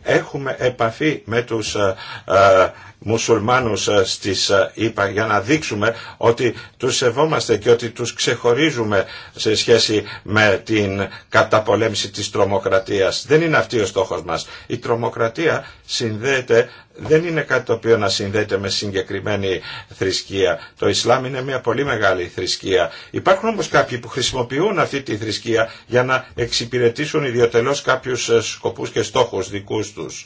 έχουμε επαφή με τους ε, ε, μουσουλμάνους ε, στις ΗΠΑ ε, για να δείξουμε ότι τους σεβόμαστε και ότι τους ξεχωρίζουμε σε σχέση με την καταπολέμηση της τρομοκρατίας. Δεν είναι αυτή ο στόχος μας. Η τρομοκρατία συνδέεται δεν είναι κάτι το οποίο να συνδέεται με συγκεκριμένη θρησκεία. Το Ισλάμ είναι μια πολύ μεγάλη θρησκεία. Υπάρχουν όμως κάποιοι που χρησιμοποιούν αυτή τη θρησκεία για να εξυπηρετήσουν ιδιωτελώς κάποιους ε, σκοπούς και στόχους δικούς τους.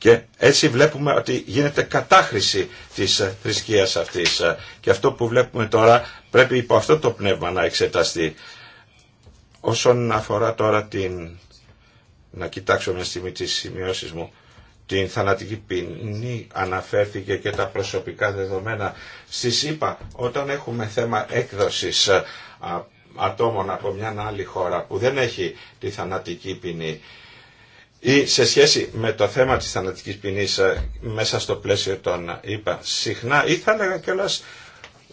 Και έτσι βλέπουμε ότι γίνεται κατάχρηση της ε, θρησκείας αυτής. Ε. Και αυτό που βλέπουμε τώρα πρέπει υπό αυτό το πνεύμα να εξεταστεί. Όσον αφορά τώρα την... Να κοιτάξω μια στιγμή τις σημειώσεις μου. Την θανατική ποινή αναφέρθηκε και τα προσωπικά δεδομένα. Στη ΣΥΠΑ όταν έχουμε θέμα έκδοσης ε, ατόμων από μια άλλη χώρα που δεν έχει τη θανατική ποινή ή σε σχέση με το θέμα της θανατικής ποινής ε, μέσα στο πλαίσιο των είπα συχνά ή θα έλεγα κιόλας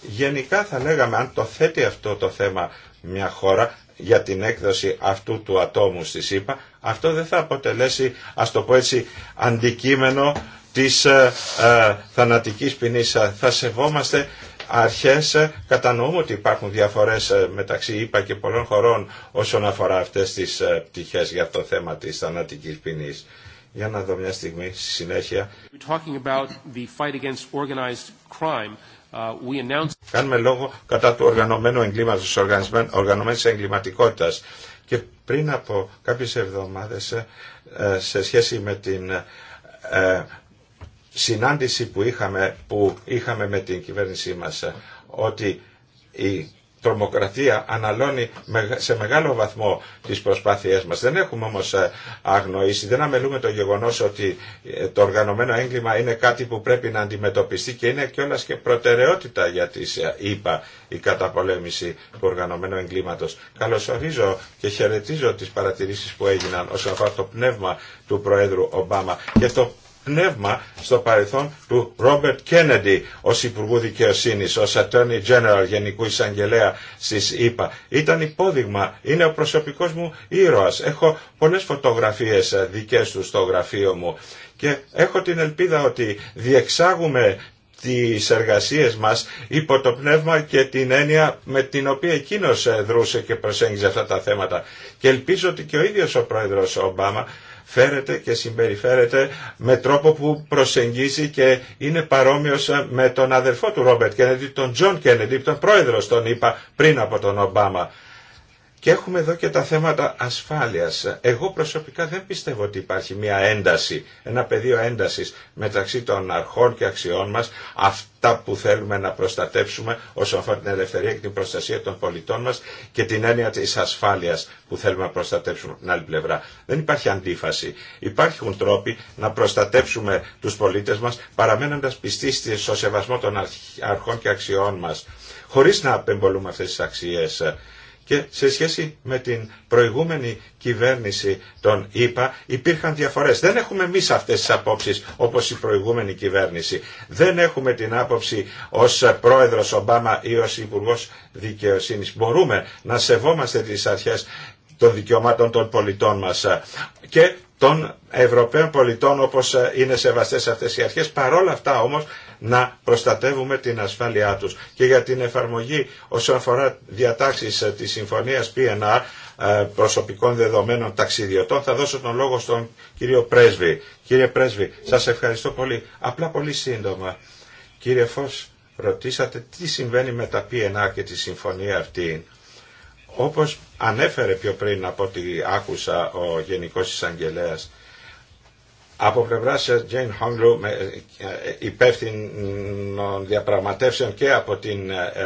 γενικά θα λέγαμε αν το θέτει αυτό το θέμα μια χώρα για την έκδοση αυτού του ατόμου στη ΣΥΠΑ, αυτό δεν θα αποτελέσει, ας το πω έτσι, αντικείμενο της ε, ε θανατικής ποινής. Θα σεβόμαστε αρχές ε, κατανοούμε ότι υπάρχουν διαφορές ε, μεταξύ ΙΠΑ και πολλών χωρών όσον αφορά αυτές τις ε, πτυχές για το θέμα της θανάτικης ποινής. Για να δω μια στιγμή στη συνέχεια. Uh, Κάνουμε λόγο κατά του οργανωμένου εγκλήματος, οργανωμένης εγκληματικότητας. Και πριν από κάποιες εβδομάδες σε σχέση με την συνάντηση που είχαμε, με την κυβέρνησή μας ότι η τρομοκρατία αναλώνει σε μεγάλο βαθμό τις προσπάθειές μας. Δεν έχουμε όμως ε, αγνοήσει, δεν αμελούμε το γεγονός ότι ε, το οργανωμένο έγκλημα είναι κάτι που πρέπει να αντιμετωπιστεί και είναι κιόλας και προτεραιότητα για τι ε, η καταπολέμηση του οργανωμένου εγκλήματος. Καλωσορίζω και χαιρετίζω τις παρατηρήσεις που έγιναν όσον αφορά το πνεύμα του Προέδρου Ομπάμα και το πνεύμα στο παρελθόν του Ρόμπερτ Κένεντι ως Υπουργού Δικαιοσύνης, ως Attorney General Γενικού Εισαγγελέα στις ΗΠΑ. Ήταν υπόδειγμα, είναι ο προσωπικός μου ήρωας. Έχω πολλές φωτογραφίες ε, δικές του στο γραφείο μου και έχω την ελπίδα ότι διεξάγουμε τις εργασίες μας υπό το πνεύμα και την έννοια με την οποία εκείνος ε, δρούσε και προσέγγιζε αυτά τα θέματα. Και ελπίζω ότι και ο ίδιος ο πρόεδρος Ομπάμα φέρεται και συμπεριφέρεται με τρόπο που προσεγγίζει και είναι παρόμοιος με τον αδερφό του Ρόμπερτ Κέννεντι, τον Τζον Κέννεντι, τον πρόεδρος τον είπα πριν από τον Ομπάμα. Και έχουμε εδώ και τα θέματα ασφάλειας. Εγώ προσωπικά δεν πιστεύω ότι υπάρχει μια ένταση, ένα πεδίο έντασης μεταξύ των αρχών και αξιών μας, αυτά που θέλουμε να προστατεύσουμε όσον αφορά την ελευθερία και την προστασία των πολιτών μας και την έννοια της ασφάλειας που θέλουμε να προστατεύσουμε από την άλλη πλευρά. Δεν υπάρχει αντίφαση. Υπάρχουν τρόποι να προστατεύσουμε τους πολίτες μας παραμένοντας πιστοί στο σεβασμό των αρχών και αξιών μας χωρίς να απεμπολούμε αυτές τις αξίες και σε σχέση με την προηγούμενη κυβέρνηση των ΗΠΑ υπήρχαν διαφορές. Δεν έχουμε εμεί αυτές τις απόψεις όπως η προηγούμενη κυβέρνηση. Δεν έχουμε την άποψη ως πρόεδρος Ομπάμα ή ως υπουργό Δικαιοσύνης. Μπορούμε να σεβόμαστε τις αρχές των δικαιωμάτων των πολιτών μας και των Ευρωπαίων πολιτών όπως ε, είναι σεβαστές αυτές οι αρχές. Παρόλα αυτά όμως να προστατεύουμε την ασφάλειά τους. Και για την εφαρμογή όσον αφορά διατάξεις ε, της Συμφωνίας PNR ε, προσωπικών δεδομένων ταξιδιωτών θα δώσω τον λόγο στον κύριο Πρέσβη. Κύριε Πρέσβη, σας ευχαριστώ πολύ. Απλά πολύ σύντομα. Κύριε Φως, ρωτήσατε τι συμβαίνει με τα PNR και τη συμφωνία αυτή. Όπως ανέφερε πιο πριν από ό,τι άκουσα ο Γενικός Εισαγγελέας, από πλευρά Jane Honglu, ε, υπεύθυνων διαπραγματεύσεων και από την, ε, ε,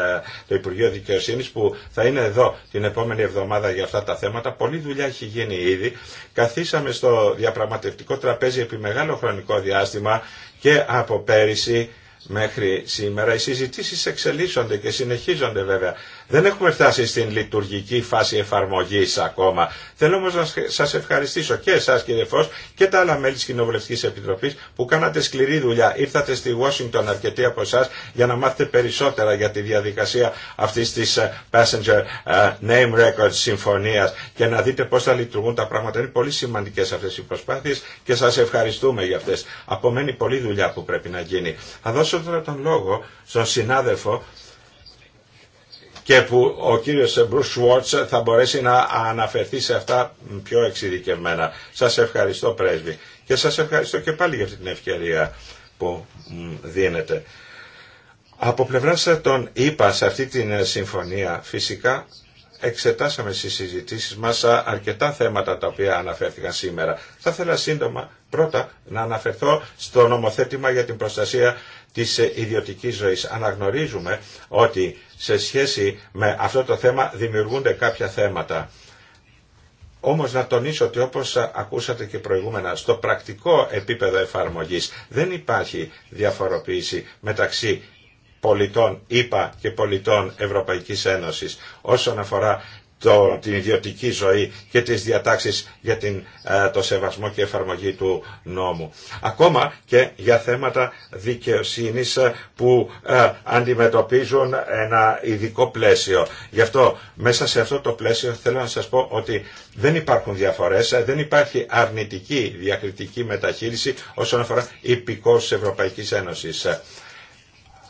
το Υπουργείο Δικαιοσύνης που θα είναι εδώ την επόμενη εβδομάδα για αυτά τα θέματα. Πολλή δουλειά έχει γίνει ήδη. Καθίσαμε στο διαπραγματευτικό τραπέζι επί μεγάλο χρονικό διάστημα και από πέρυσι μέχρι σήμερα. Οι συζητήσεις εξελίσσονται και συνεχίζονται βέβαια. Δεν έχουμε φτάσει στην λειτουργική φάση εφαρμογής ακόμα. Θέλω όμως να σας ευχαριστήσω και εσάς κύριε Φως και τα άλλα μέλη της Κοινοβουλευτικής Επιτροπής που κάνατε σκληρή δουλειά. Ήρθατε στη Washington αρκετοί από εσά για να μάθετε περισσότερα για τη διαδικασία αυτής της ε, Passenger ε, Name records συμφωνίας και να δείτε πώς θα λειτουργούν τα πράγματα. Είναι πολύ σημαντικές αυτές οι προσπάθειες και σας ευχαριστούμε για αυτές. Απομένει πολλή δουλειά που πρέπει να γίνει. Θα δώσω τώρα τον λόγο στον συνάδελφο και που ο κύριος Μπρουσ Σουόρτς θα μπορέσει να αναφερθεί σε αυτά πιο εξειδικευμένα. Σας ευχαριστώ πρέσβη και σας ευχαριστώ και πάλι για αυτή την ευκαιρία που δίνετε. Από πλευρά τον είπα σε αυτή την συμφωνία φυσικά εξετάσαμε στις συζητήσεις μας αρκετά θέματα τα οποία αναφέρθηκαν σήμερα. Θα ήθελα σύντομα πρώτα να αναφερθώ στο νομοθέτημα για την προστασία της ιδιωτικής ζωής. Αναγνωρίζουμε ότι σε σχέση με αυτό το θέμα δημιουργούνται κάποια θέματα. Όμως να τονίσω ότι όπως ακούσατε και προηγούμενα, στο πρακτικό επίπεδο εφαρμογής δεν υπάρχει διαφοροποίηση μεταξύ πολιτών ΗΠΑ και πολιτών Ευρωπαϊκής Ένωσης όσον αφορά την ιδιωτική ζωή και τις διατάξεις για την, ε, το σεβασμό και εφαρμογή του νόμου. Ακόμα και για θέματα δικαιοσύνης ε, που ε, αντιμετωπίζουν ένα ειδικό πλαίσιο. Γι' αυτό μέσα σε αυτό το πλαίσιο θέλω να σας πω ότι δεν υπάρχουν διαφορές, δεν υπάρχει αρνητική διακριτική μεταχείριση όσον αφορά υπηκός Ευρωπαϊκής Ένωσης.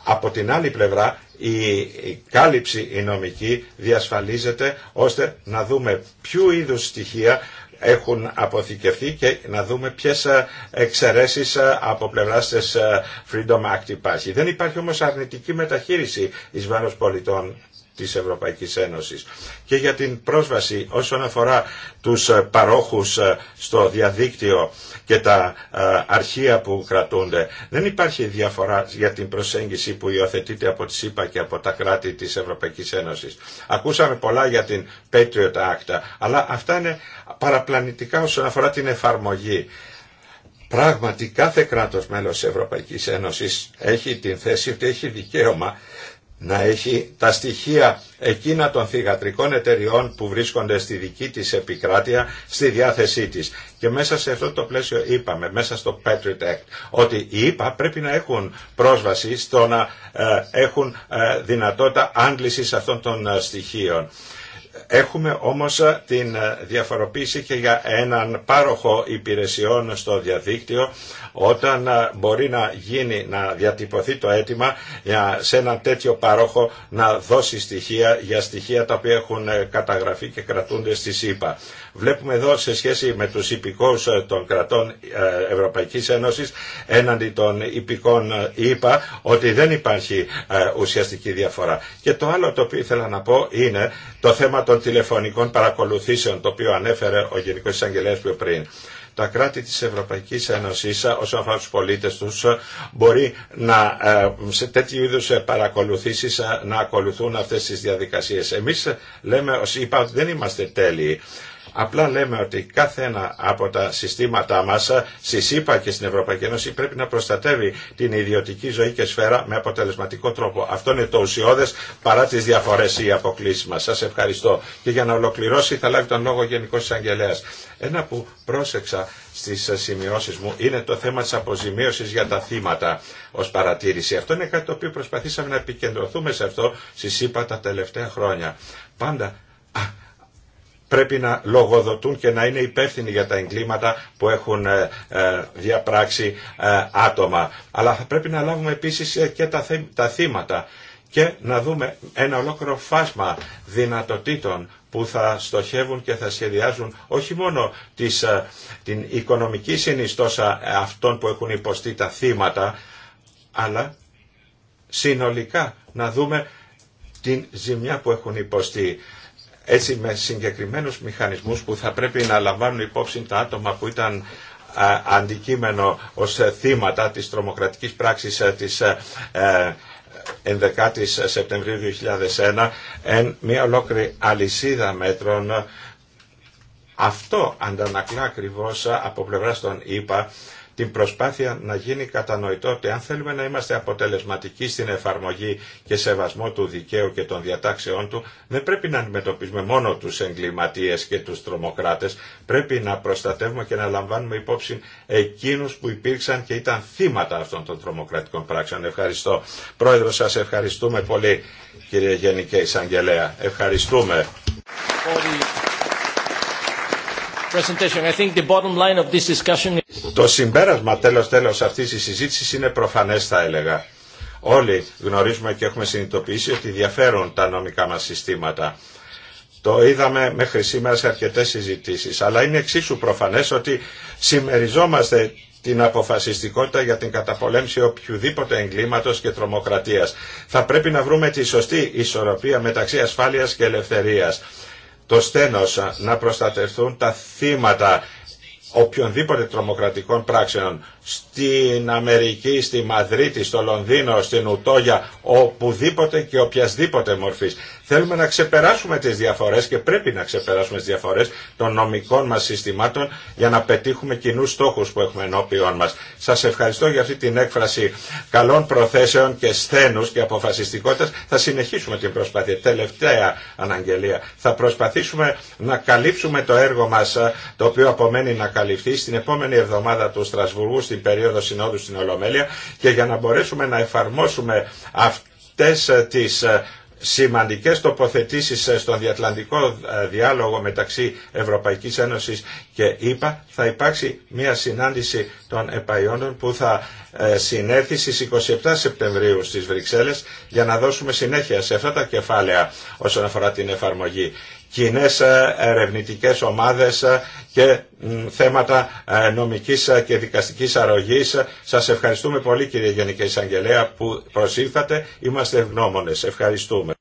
Από την άλλη πλευρά η κάλυψη η νομική διασφαλίζεται ώστε να δούμε ποιου είδους στοιχεία έχουν αποθηκευτεί και να δούμε ποιες ε, εξαιρέσεις ε, από πλευράς της ε, Freedom Act υπάρχει. Δεν υπάρχει όμως αρνητική μεταχείριση εις βάρος πολιτών της Ευρωπαϊκής Ένωσης. Και για την πρόσβαση όσον αφορά τους παρόχους στο διαδίκτυο και τα ε, αρχεία που κρατούνται. Δεν υπάρχει διαφορά για την προσέγγιση που υιοθετείται από τη ΣΥΠΑ και από τα κράτη της Ευρωπαϊκής Ένωσης. Ακούσαμε πολλά για την Patriot Act, αλλά αυτά είναι παραπλανητικά όσον αφορά την εφαρμογή. Πράγματι κάθε κράτος μέλος της Ευρωπαϊκής Ένωσης έχει την θέση ότι έχει δικαίωμα να έχει τα στοιχεία εκείνα των θηγατρικών εταιριών που βρίσκονται στη δική της επικράτεια στη διάθεσή της. Και μέσα σε αυτό το πλαίσιο είπαμε, μέσα στο Patriot Act, ότι οι πρέπει να έχουν πρόσβαση στο να ε, έχουν ε, δυνατότητα άντλησης αυτών των ε, στοιχείων. Έχουμε όμως ε, την ε, διαφοροποίηση και για έναν πάροχο υπηρεσιών στο διαδίκτυο όταν ε, μπορεί να γίνει, να διατυπωθεί το αίτημα σε έναν τέτοιο πάροχο να δώσει στοιχεία για στοιχεία τα οποία έχουν καταγραφεί και κρατούνται στη ΣΥΠΑ. Βλέπουμε εδώ σε σχέση με τους υπηκόους ε, των κρατών ε, Ευρωπαϊκής Ένωσης έναντι των υπηκών ΙΠΑ ε, ότι δεν υπάρχει ουσιαστική διαφορά. Και το άλλο το οποίο ήθελα να πω είναι το θέμα των τηλεφωνικών παρακολουθήσεων το οποίο ανέφερε ο Γενικός Εισαγγελέας πιο πριν τα κράτη της Ευρωπαϊκής Ένωσης όσον αφορά τους πολίτες τους μπορεί να, σε τέτοιου είδους παρακολουθήσεις να ακολουθούν αυτές τις διαδικασίες. Εμείς λέμε ως είπα ότι δεν είμαστε τέλειοι Απλά λέμε ότι κάθε ένα από τα συστήματά μας στη ΣΥΠΑ και στην Ευρωπαϊκή Ένωση πρέπει να προστατεύει την ιδιωτική ζωή και σφαίρα με αποτελεσματικό τρόπο. Αυτό είναι το ουσιώδες παρά τις διαφορές ή αποκλήσεις μας. Σας ευχαριστώ. Και για να ολοκληρώσει θα λάβει τον λόγο ο Γενικός Εισαγγελέας. Ένα που πρόσεξα στις σημειώσεις μου είναι το θέμα της αποζημίωσης για τα θύματα ως παρατήρηση. Αυτό είναι κάτι το οποίο προσπαθήσαμε να επικεντρωθούμε σε αυτό στη ΣΥΠΑ τα τελευταία χρόνια. Πάντα πρέπει να λογοδοτούν και να είναι υπεύθυνοι για τα εγκλήματα που έχουν ε, ε, διαπράξει ε, άτομα. Αλλά θα πρέπει να λάβουμε επίσης και τα θύματα και να δούμε ένα ολόκληρο φάσμα δυνατοτήτων που θα στοχεύουν και θα σχεδιάζουν όχι μόνο την οικονομική συνιστόσα αυτών που έχουν υποστεί τα θύματα, αλλά συνολικά να δούμε την ζημιά που έχουν υποστεί έτσι με συγκεκριμένους μηχανισμούς που θα πρέπει να λαμβάνουν υπόψη τα άτομα που ήταν αντικείμενο ως θύματα της τρομοκρατικής πράξης ε, της 11 ε, ε, Σεπτεμβρίου 2001 εν μια ολόκληρη αλυσίδα μέτρων αυτό αντανακλά ακριβώ από πλευρά των ΙΠΑ την προσπάθεια να γίνει κατανοητό ότι αν θέλουμε να είμαστε αποτελεσματικοί στην εφαρμογή και σεβασμό του δικαίου και των διατάξεών του, δεν πρέπει να αντιμετωπίζουμε μόνο τους εγκληματίες και τους τρομοκράτες, πρέπει να προστατεύουμε και να λαμβάνουμε υπόψη εκείνους που υπήρξαν και ήταν θύματα αυτών των τρομοκρατικών πράξεων. Ευχαριστώ. Πρόεδρο, σας ευχαριστούμε πολύ κύριε Γενική Εισαγγελέα. Ευχαριστούμε. Το συμπέρασμα τέλος τέλος αυτής της συζήτησης είναι προφανές θα έλεγα. Όλοι γνωρίζουμε και έχουμε συνειδητοποιήσει ότι διαφέρουν τα νομικά μας συστήματα. Το είδαμε μέχρι σήμερα σε αρκετές συζητήσεις. Αλλά είναι εξίσου προφανές ότι συμμεριζόμαστε την αποφασιστικότητα για την καταπολέμηση οποιοδήποτε εγκλήματος και τρομοκρατίας. Θα πρέπει να βρούμε τη σωστή ισορροπία μεταξύ ασφάλειας και ελευθερίας το στένος να προστατευτούν τα θύματα οποιονδήποτε τρομοκρατικών πράξεων στην Αμερική, στη Μαδρίτη, στο Λονδίνο, στην Ουτόγια, οπουδήποτε και οποιασδήποτε μορφής. Θέλουμε να ξεπεράσουμε τις διαφορές και πρέπει να ξεπεράσουμε τις διαφορές των νομικών μας συστημάτων για να πετύχουμε κοινούς στόχους που έχουμε ενώπιον μας. Σας ευχαριστώ για αυτή την έκφραση καλών προθέσεων και σθένους και αποφασιστικότητας. Θα συνεχίσουμε την προσπάθεια. Τελευταία αναγγελία. Θα προσπαθήσουμε να καλύψουμε το έργο μας το οποίο απομένει να καλυφθεί στην επόμενη εβδομάδα του Στρασβουργού στην περίοδο συνόδου στην Ολομέλεια και για να μπορέσουμε να εφαρμόσουμε αυτές ε, τις ε, σημαντικές τοποθετήσεις ε, στον διατλαντικό ε, διάλογο μεταξύ Ευρωπαϊκής Ένωσης και ΕΠΑ θα υπάρξει μια συνάντηση των επαϊόντων που θα ε, συνέρθει στις 27 Σεπτεμβρίου στις Βρυξέλλες για να δώσουμε συνέχεια σε αυτά τα κεφάλαια όσον αφορά την εφαρμογή κοινέ ε, ερευνητικέ ομάδε ε, και θέματα ε, νομική και δικαστικής αρρωγή. Σας ευχαριστούμε πολύ κύριε Γενική Εισαγγελέα που προσήλθατε. Είμαστε ευγνώμονε. Ευχαριστούμε.